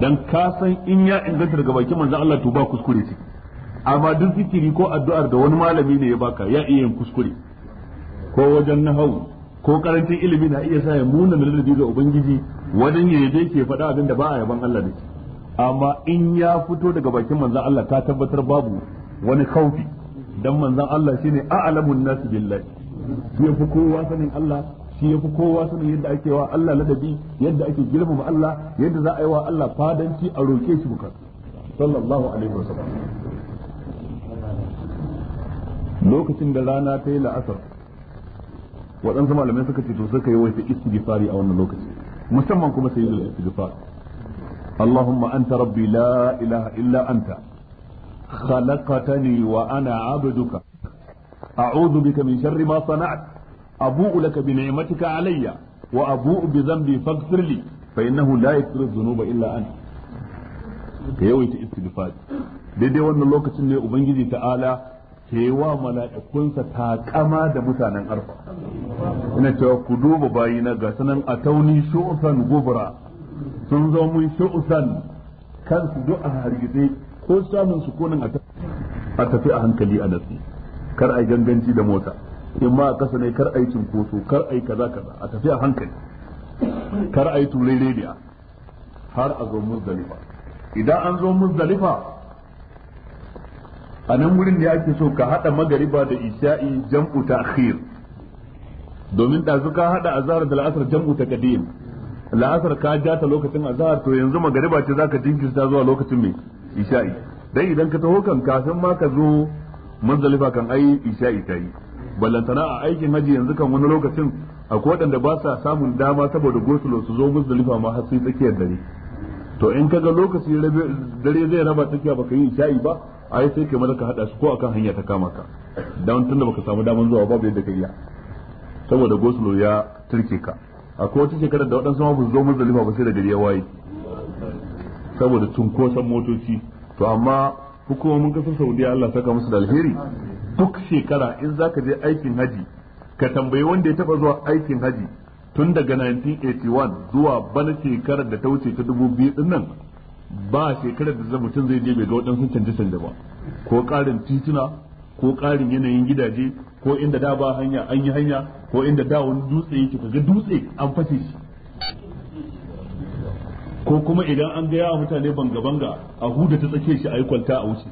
dan ka san in ya inganta daga bakin manzon Allah to ba kuskure ce amma duk zikiri ko addu'ar da wani malami ne ya baka ya iya yin kuskure ko wajen nahau ko karancin ilimi na iya sa ya muna da ga ubangiji wajen yayi dai ke faɗa abin da ba a yaban Allah ne amma in ya fito daga bakin manzan Allah ta tabbatar babu wani kaufi dan manzan Allah shine a'lamun nas billahi shi yafi kowa sanin Allah shi yafi kowa sanin yadda ake wa Allah ladabi yadda ake girmama Allah yadda za a yi wa Allah fadanci a roke shi buka sallallahu alaihi wasallam lokacin da rana ta yi la'asar waɗansu malamai suka ce to suka yi wata istighfari a wannan lokaci musamman kuma sai yi istighfar اللهم أنت ربي لا إله إلا أنت خلقتني وأنا عبدك أعوذ بك من شر ما صنعت أبوء لك بنعمتك علي وأبوء بذنبي فاغفر لي فإنه لا يغفر الذنوب إلا أنت ka yawaita istighfar daidai wannan lokacin ne ubangiji ta'ala ke wa mala'ikunsa takama da mutanen arfa ina cewa ku duba bayina ga sanan a tauni shu'fan gubra sun zo mun shu'usan su duk a hargitse ko samun sukunin a tafi a hankali a natsi kar a ganganci da mota in ma a kasa ne kar a yi cinkoso kar a yi kaza kaza a tafi a hankali kar a yi turereniya har a zo muzdalifa idan an zo muzdalifa a nan wurin da ake so ka haɗa magariba da isha'i jam'u ta'khir domin ɗazu ka haɗa azhar da al'asar jam'u taqdim la'asar ka ja ta lokacin azhar to yanzu magariba ce zaka jinkirta zuwa lokacin mai isha'i dan idan ka taho kan kafin ma ka zo muzalifa kan ai isha'i ta yi ballantana a aikin haji yanzu kan wani lokacin akwai waɗanda ba sa samun dama saboda gosulo su zo muzalifa ma har sai tsakiyar dare to in kaga lokaci dare zai raba tsakiya baka yi isha'i ba ai sai kai malaka hada su ko akan hanya ta kama ka dan tunda baka samu daman zuwa ba babu da ka iya saboda gosulo ya turke ka akwai wata shekarar da waɗansu ma ba zo muzdalifa ba sai da gari ya waye saboda cunkoson motoci to amma hukumomin kasar saudiya Allah saka musu da alheri duk shekara in zaka je aikin haji ka tambayi wanda ya taba zuwa aikin haji tun daga 1981 zuwa bana shekarar da ta wuce ta 2000 din nan ba shekarar da zai mutum zai je bai ga waɗansu canje canje ba ko ƙarin tituna ko ƙarin yanayin gidaje ko inda da ba hanya an yi hanya ko inda da wani dutse yake kaga dutse an fashe shi ko kuma idan an ga yawa mutane banga banga a huda ta tsake shi a yi kwalta a wuce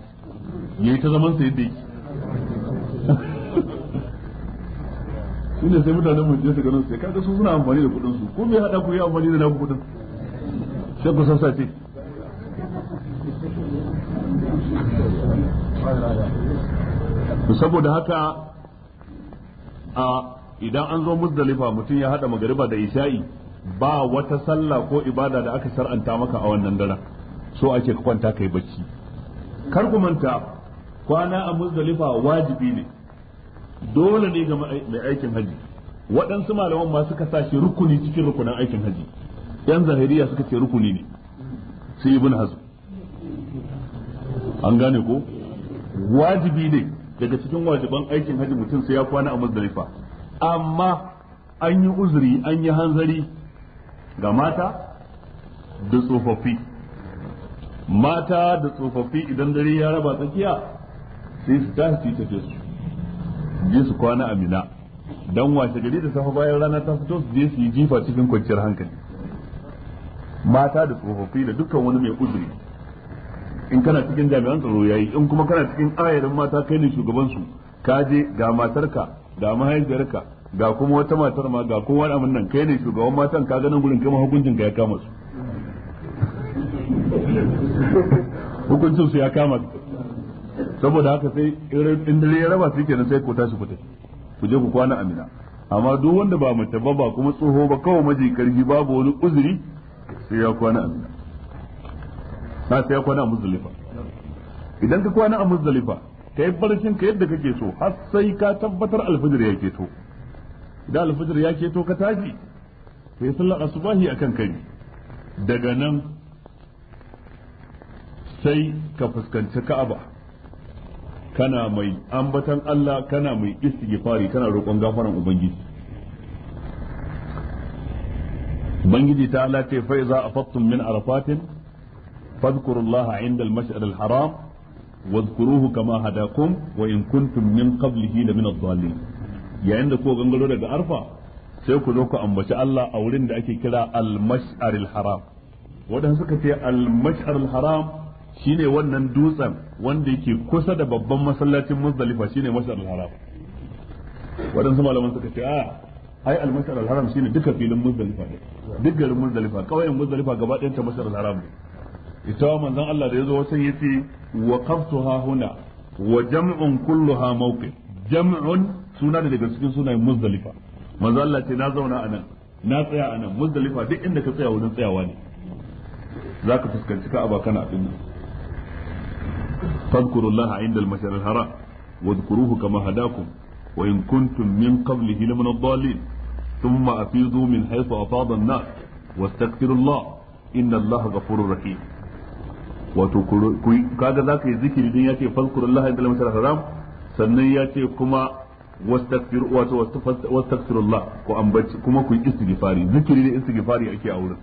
yayi ta zaman sa yadda yake shine sai mutane mu je su ganin sai kaga su suna amfani da kudin su ko me hada ku yi amfani da naku kudin sai ku sace saboda haka a idan an zo muzdalifa mutum ya hada magariba da isha'i ba wata sallah ko ibada da aka sar'anta maka a wannan dara so ake ka kwanta kai bacci kar ku manta kwana a muzdalifa wajibi ne dole ne ga mai aikin haji waɗansu malaman ma suka sa shi rukuni cikin rukunin aikin haji yan zahiriya suka ce rukuni ne sai ibn hazm an gane ko wajibi ne daga cikin wajiban aikin hajji mutum sai ya kwana a muzdalifa amma an yi uzuri an yi hanzari ga mata da tsofaffi mata da tsofaffi idan dare ya raba tsakiya sai su tashi su tafi su je su kwana a mina dan washe gari da safa bayan rana ta fito su je su yi jifa cikin kwanciyar hankali mata da tsofaffi da dukkan wani mai uzuri in kana cikin jami'an tsaro yayi in kuma kana cikin ayarin mata kai ne shugaban su ka je ga matarka ga mahaifiyarka ga kuma wata matar ma ga kowa da nan kai ne shugaban matan ka ganin gurin kai hukuncin ka ya kama su hukuncin su ya kama su saboda haka sai in dare ya raba su nan sai ko tashi fita ku je ku kwana amina amma duk wanda ba mace ba ba kuma tsoho ba kawai maji karfi babu wani uzuri sai ya kwana amina na sai kwana a muzdalifa idan ka kwana a muzdalifa ka yi barcin ka yadda kake so har sai ka tabbatar alfajir ya keto idan alfajir ya keto ka tashi ka yi sallar asubahi akan kai daga nan sai ka fuskanci ka'aba kana mai ambatan Allah kana mai istighfari kana roƙon gafaran ubangiji ubangiji ta Allah ce fa iza afattum min arafatin فاذكروا الله عند المشعر الحرام واذكروه كما هداكم وإن كنتم من قبله لمن الضالين yayin da ko gangaro daga arfa sai ku zo ku ambaci Allah a wurin da ake kira al-mash'ar al-haram shine wannan dutsen wanda yake kusa da babban masallacin Muzdalifa shine mash'ar al-haram Waɗansu malaman suka ce a ai al-mash'ar al-haram shine duka filin Muzdalifa ne duk garin Muzdalifa kawai Muzdalifa gaba ɗayan ta mash'ar al-haram ne ita manzon Allah da ya ya zo yazo wa yace ha huna wa jam'un ha mawqif jam'un suna da daga cikin sunayen muzdalifa manzon Allah ce na zauna anan na tsaya anan muzdalifa duk inda ka tsaya wurin tsayawa ne zaka fuskanci ka aba kana abin nan fadkurullaha inda al-mashar al-haram wadhkuruhu kama hadakum wa in kuntum min qablihi lamin ad-dallin ثم أفيضوا من حيث أفاض الناس واستغفروا الله إن الله غفور رحيم wato ku kaga zaka yi zikiri din yace fazkurullaha inda lamsar haram sannan yace kuma wastaghfir wato wastaghfirullah ku ambaci kuma ku yi istighfari zikiri ne istighfari ake a wurin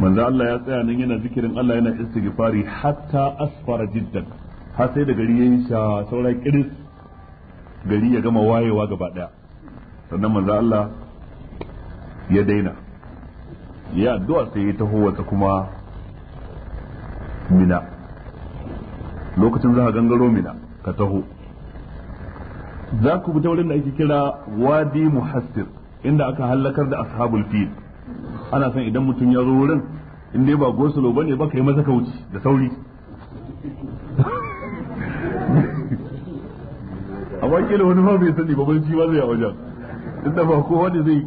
manzo Allah ya tsaya nan yana zikirin Allah yana istighfari hatta asfara jiddan har sai da gari yayin sha saura kiris gari ya gama wayewa gaba daya sannan manzo Allah ya daina ya addu'a sai ya taho wata kuma mina lokacin za ka gangaro mina ka taho za ku bi ta wurin da ake kira wadi muhassir inda aka hallakar da ashabul fil ana son idan mutum ya zo wurin in dai ba gosulo bane ba kai masa ka wuce da sauri amma kila wani ma bai sani ba ban shi ba zai a wajen inda ba kowa ne zai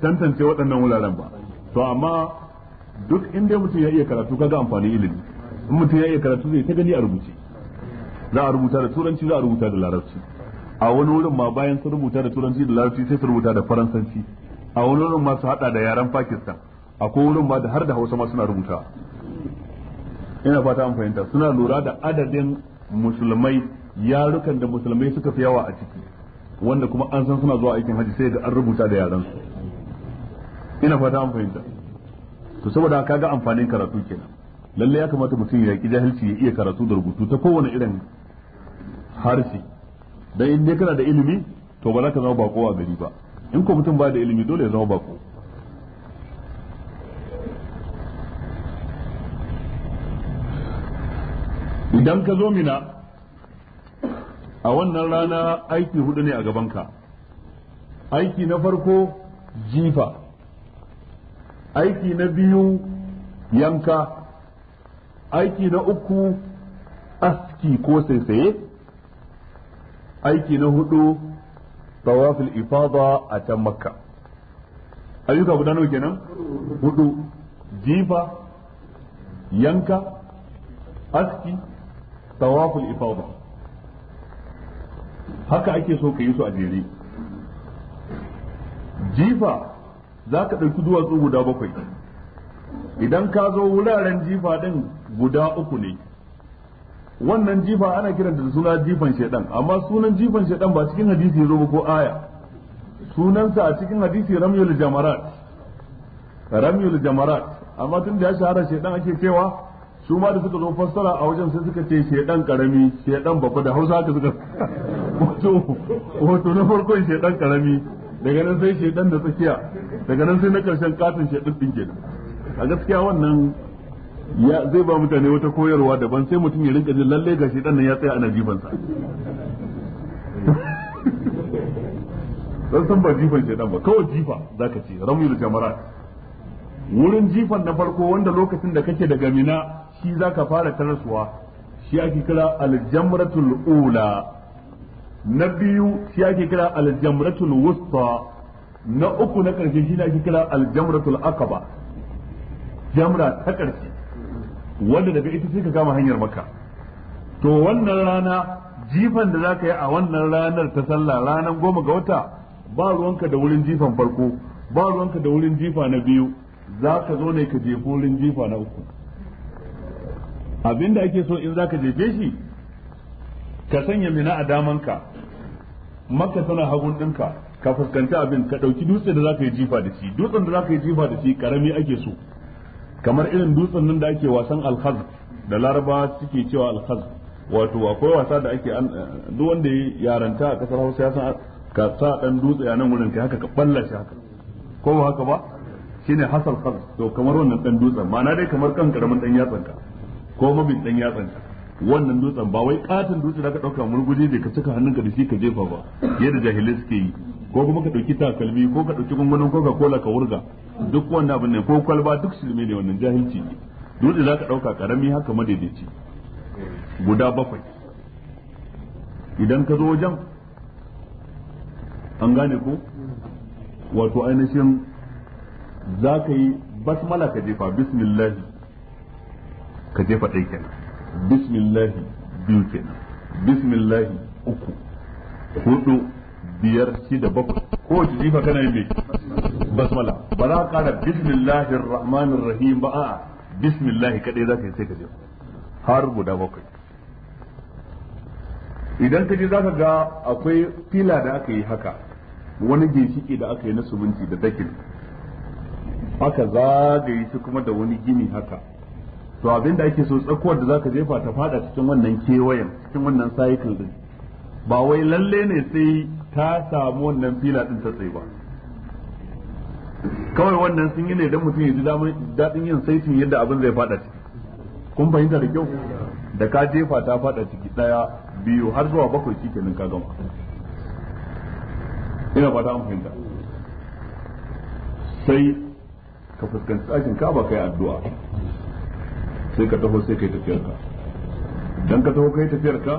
tantance waɗannan wuraren ba to amma duk inda mutum ya iya karatu kaga amfani ilimi in mutum ya iya karatu zai ta gani a rubuce za a rubuta da turanci za a rubuta da larabci a wani wurin ma bayan sun rubuta da turanci da larabci sai su rubuta da faransanci a wani wurin ma su hada da yaren pakistan a ko wurin ma da har da hausa ma suna rubuta ina fata an fahimta suna lura da adadin musulmai yarukan da musulmai suka fi yawa a ciki wanda kuma an san suna zuwa aikin haji sai da an rubuta da yaran su ina fata an fahimta to saboda ka ga amfanin karatu kenan lalle ya kamata mutum ya yaki jahilci ya iya karatu da rubutu ta kowane irin harshe dan in dai kana da ilimi to ba za ka zama bako a gari ba in ko mutum ba da ilimi dole ya zama bako idan ka zo mina a wannan rana aiki hudu ne a gabanka aiki na farko jifa aiki na biyu yanka aiki na uku aski ko saisaye aiki na hudu tawafil ifada a can makka ayyuka guda nawa kenan hudu jifa yanka aski tawaful ifada haka ake so ka yi su a jere jifa za ka ɗauki duwatsu guda bakwai idan ka zo wuraren jifa ɗin guda uku ne wannan jifa ana kiranta da suna jifan shaidan amma sunan jifan shaidan ba cikin hadisi ya zo ba ko aya sunansa a cikin hadisi ramyul jamarat ramyul jamarat amma tun da ya shahara shaidan ake cewa su ma da suka zo fassara a wajen sai suka ce shaidan karami shaidan babba da hausa haka suka wato wato na farkon shaidan karami daga nan sai shaidan da tsakiya daga nan sai na karshen katin shedan din kenan a gaskiya wannan ya zai ba mutane wata koyarwa daban sai mutum ya rinka jin lalle ga shedan nan ya tsaya ana jifansa dan san ba jifan shaidan ba kawai jifa zaka ce ramyul jamarat wurin jifan na farko wanda lokacin da kake daga mina shi zaka fara tarasuwa shi ake kira aljamratul ula na biyu shi ake kira aljamratul wusta na uku na karshe shi ake kira aljamratul aqaba jamra ta karshe wanda daga ita sai ka kama hanyar maka to wannan rana jifan da zaka yi a wannan ranar ta sallah ranar goma ga wata ba ruwanka da wurin jifan farko ba ruwanka da wurin jifa na biyu za ka zo ne ka jefi wurin jifa na uku abinda ake so in za ka jefe shi ka sanya mina a damanka makka tana hagun ɗinka ka fuskanci abin ka ɗauki dutse da za ka yi jifa da shi dutsen da za ka yi jifa da shi karami ake so kamar irin dutsen nan da ake wasan alhaz da laraba suke cewa alhaz wato akwai wasa da ake duk wanda ya yaranta a kasar hausa ya san ka sa dan dutse a nan wurin kai haka ka balla shi haka ko ba haka ba shine hasal khaz to kamar wannan dan dutsen ma'ana dai kamar kan karamin dan yatsanka ko mabin dan yatsanka wannan dutsen ba wai katin dutse da ka dauka murguje da ka cika hannunka da shi ka jefa ba yadda jahilai suke yi ko kuma ka dauki takalmi ko ka dauki gungunan coca cola ka wurga duk wannan abin ne ko kwalba duk shirme ne wannan jahilci ne dutse za ka dauka karami haka madaidaici guda bakwai idan ka zo wajen an gane ko wato ainihin za ka yi basmala ka jefa bismillahi ka jefa ɗai bismillahi biyu kenan bismillahi uku hudu biyar shida bakwai ko wace jifa kana yin mai basmala ba za a kara bismillahir rahmanir rahim ba a'a bismillahi kaɗai za ka yi sai ka je har guda bakwai idan ka je za ka ga akwai fila da aka yi haka wani ginshiki da aka yi na subunci da dakin aka zagaye shi kuma da wani gini haka to abin da ake so tsakuwar da zaka jefa ta fada cikin wannan kewayen cikin wannan cycle din ba wai lalle ne sai ta samu wannan fila din ta tsaye ba kawai wannan sun yi ne dan mutum ya ji daɗin yin saitin yadda abin zai fada ciki kun fahimta da kyau da ka jefa ta fada ciki ɗaya biyu har zuwa bakwai shi kenan ka gama ina fata an fahimta sai ka fuskanci tsakin ka ba kai addu'a sai ka taho sai kai tafiyar ka don ka taho kai tafiyar ka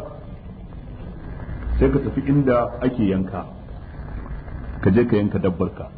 sai ka tafi inda ake yanka ka je ka yanka dabbar ka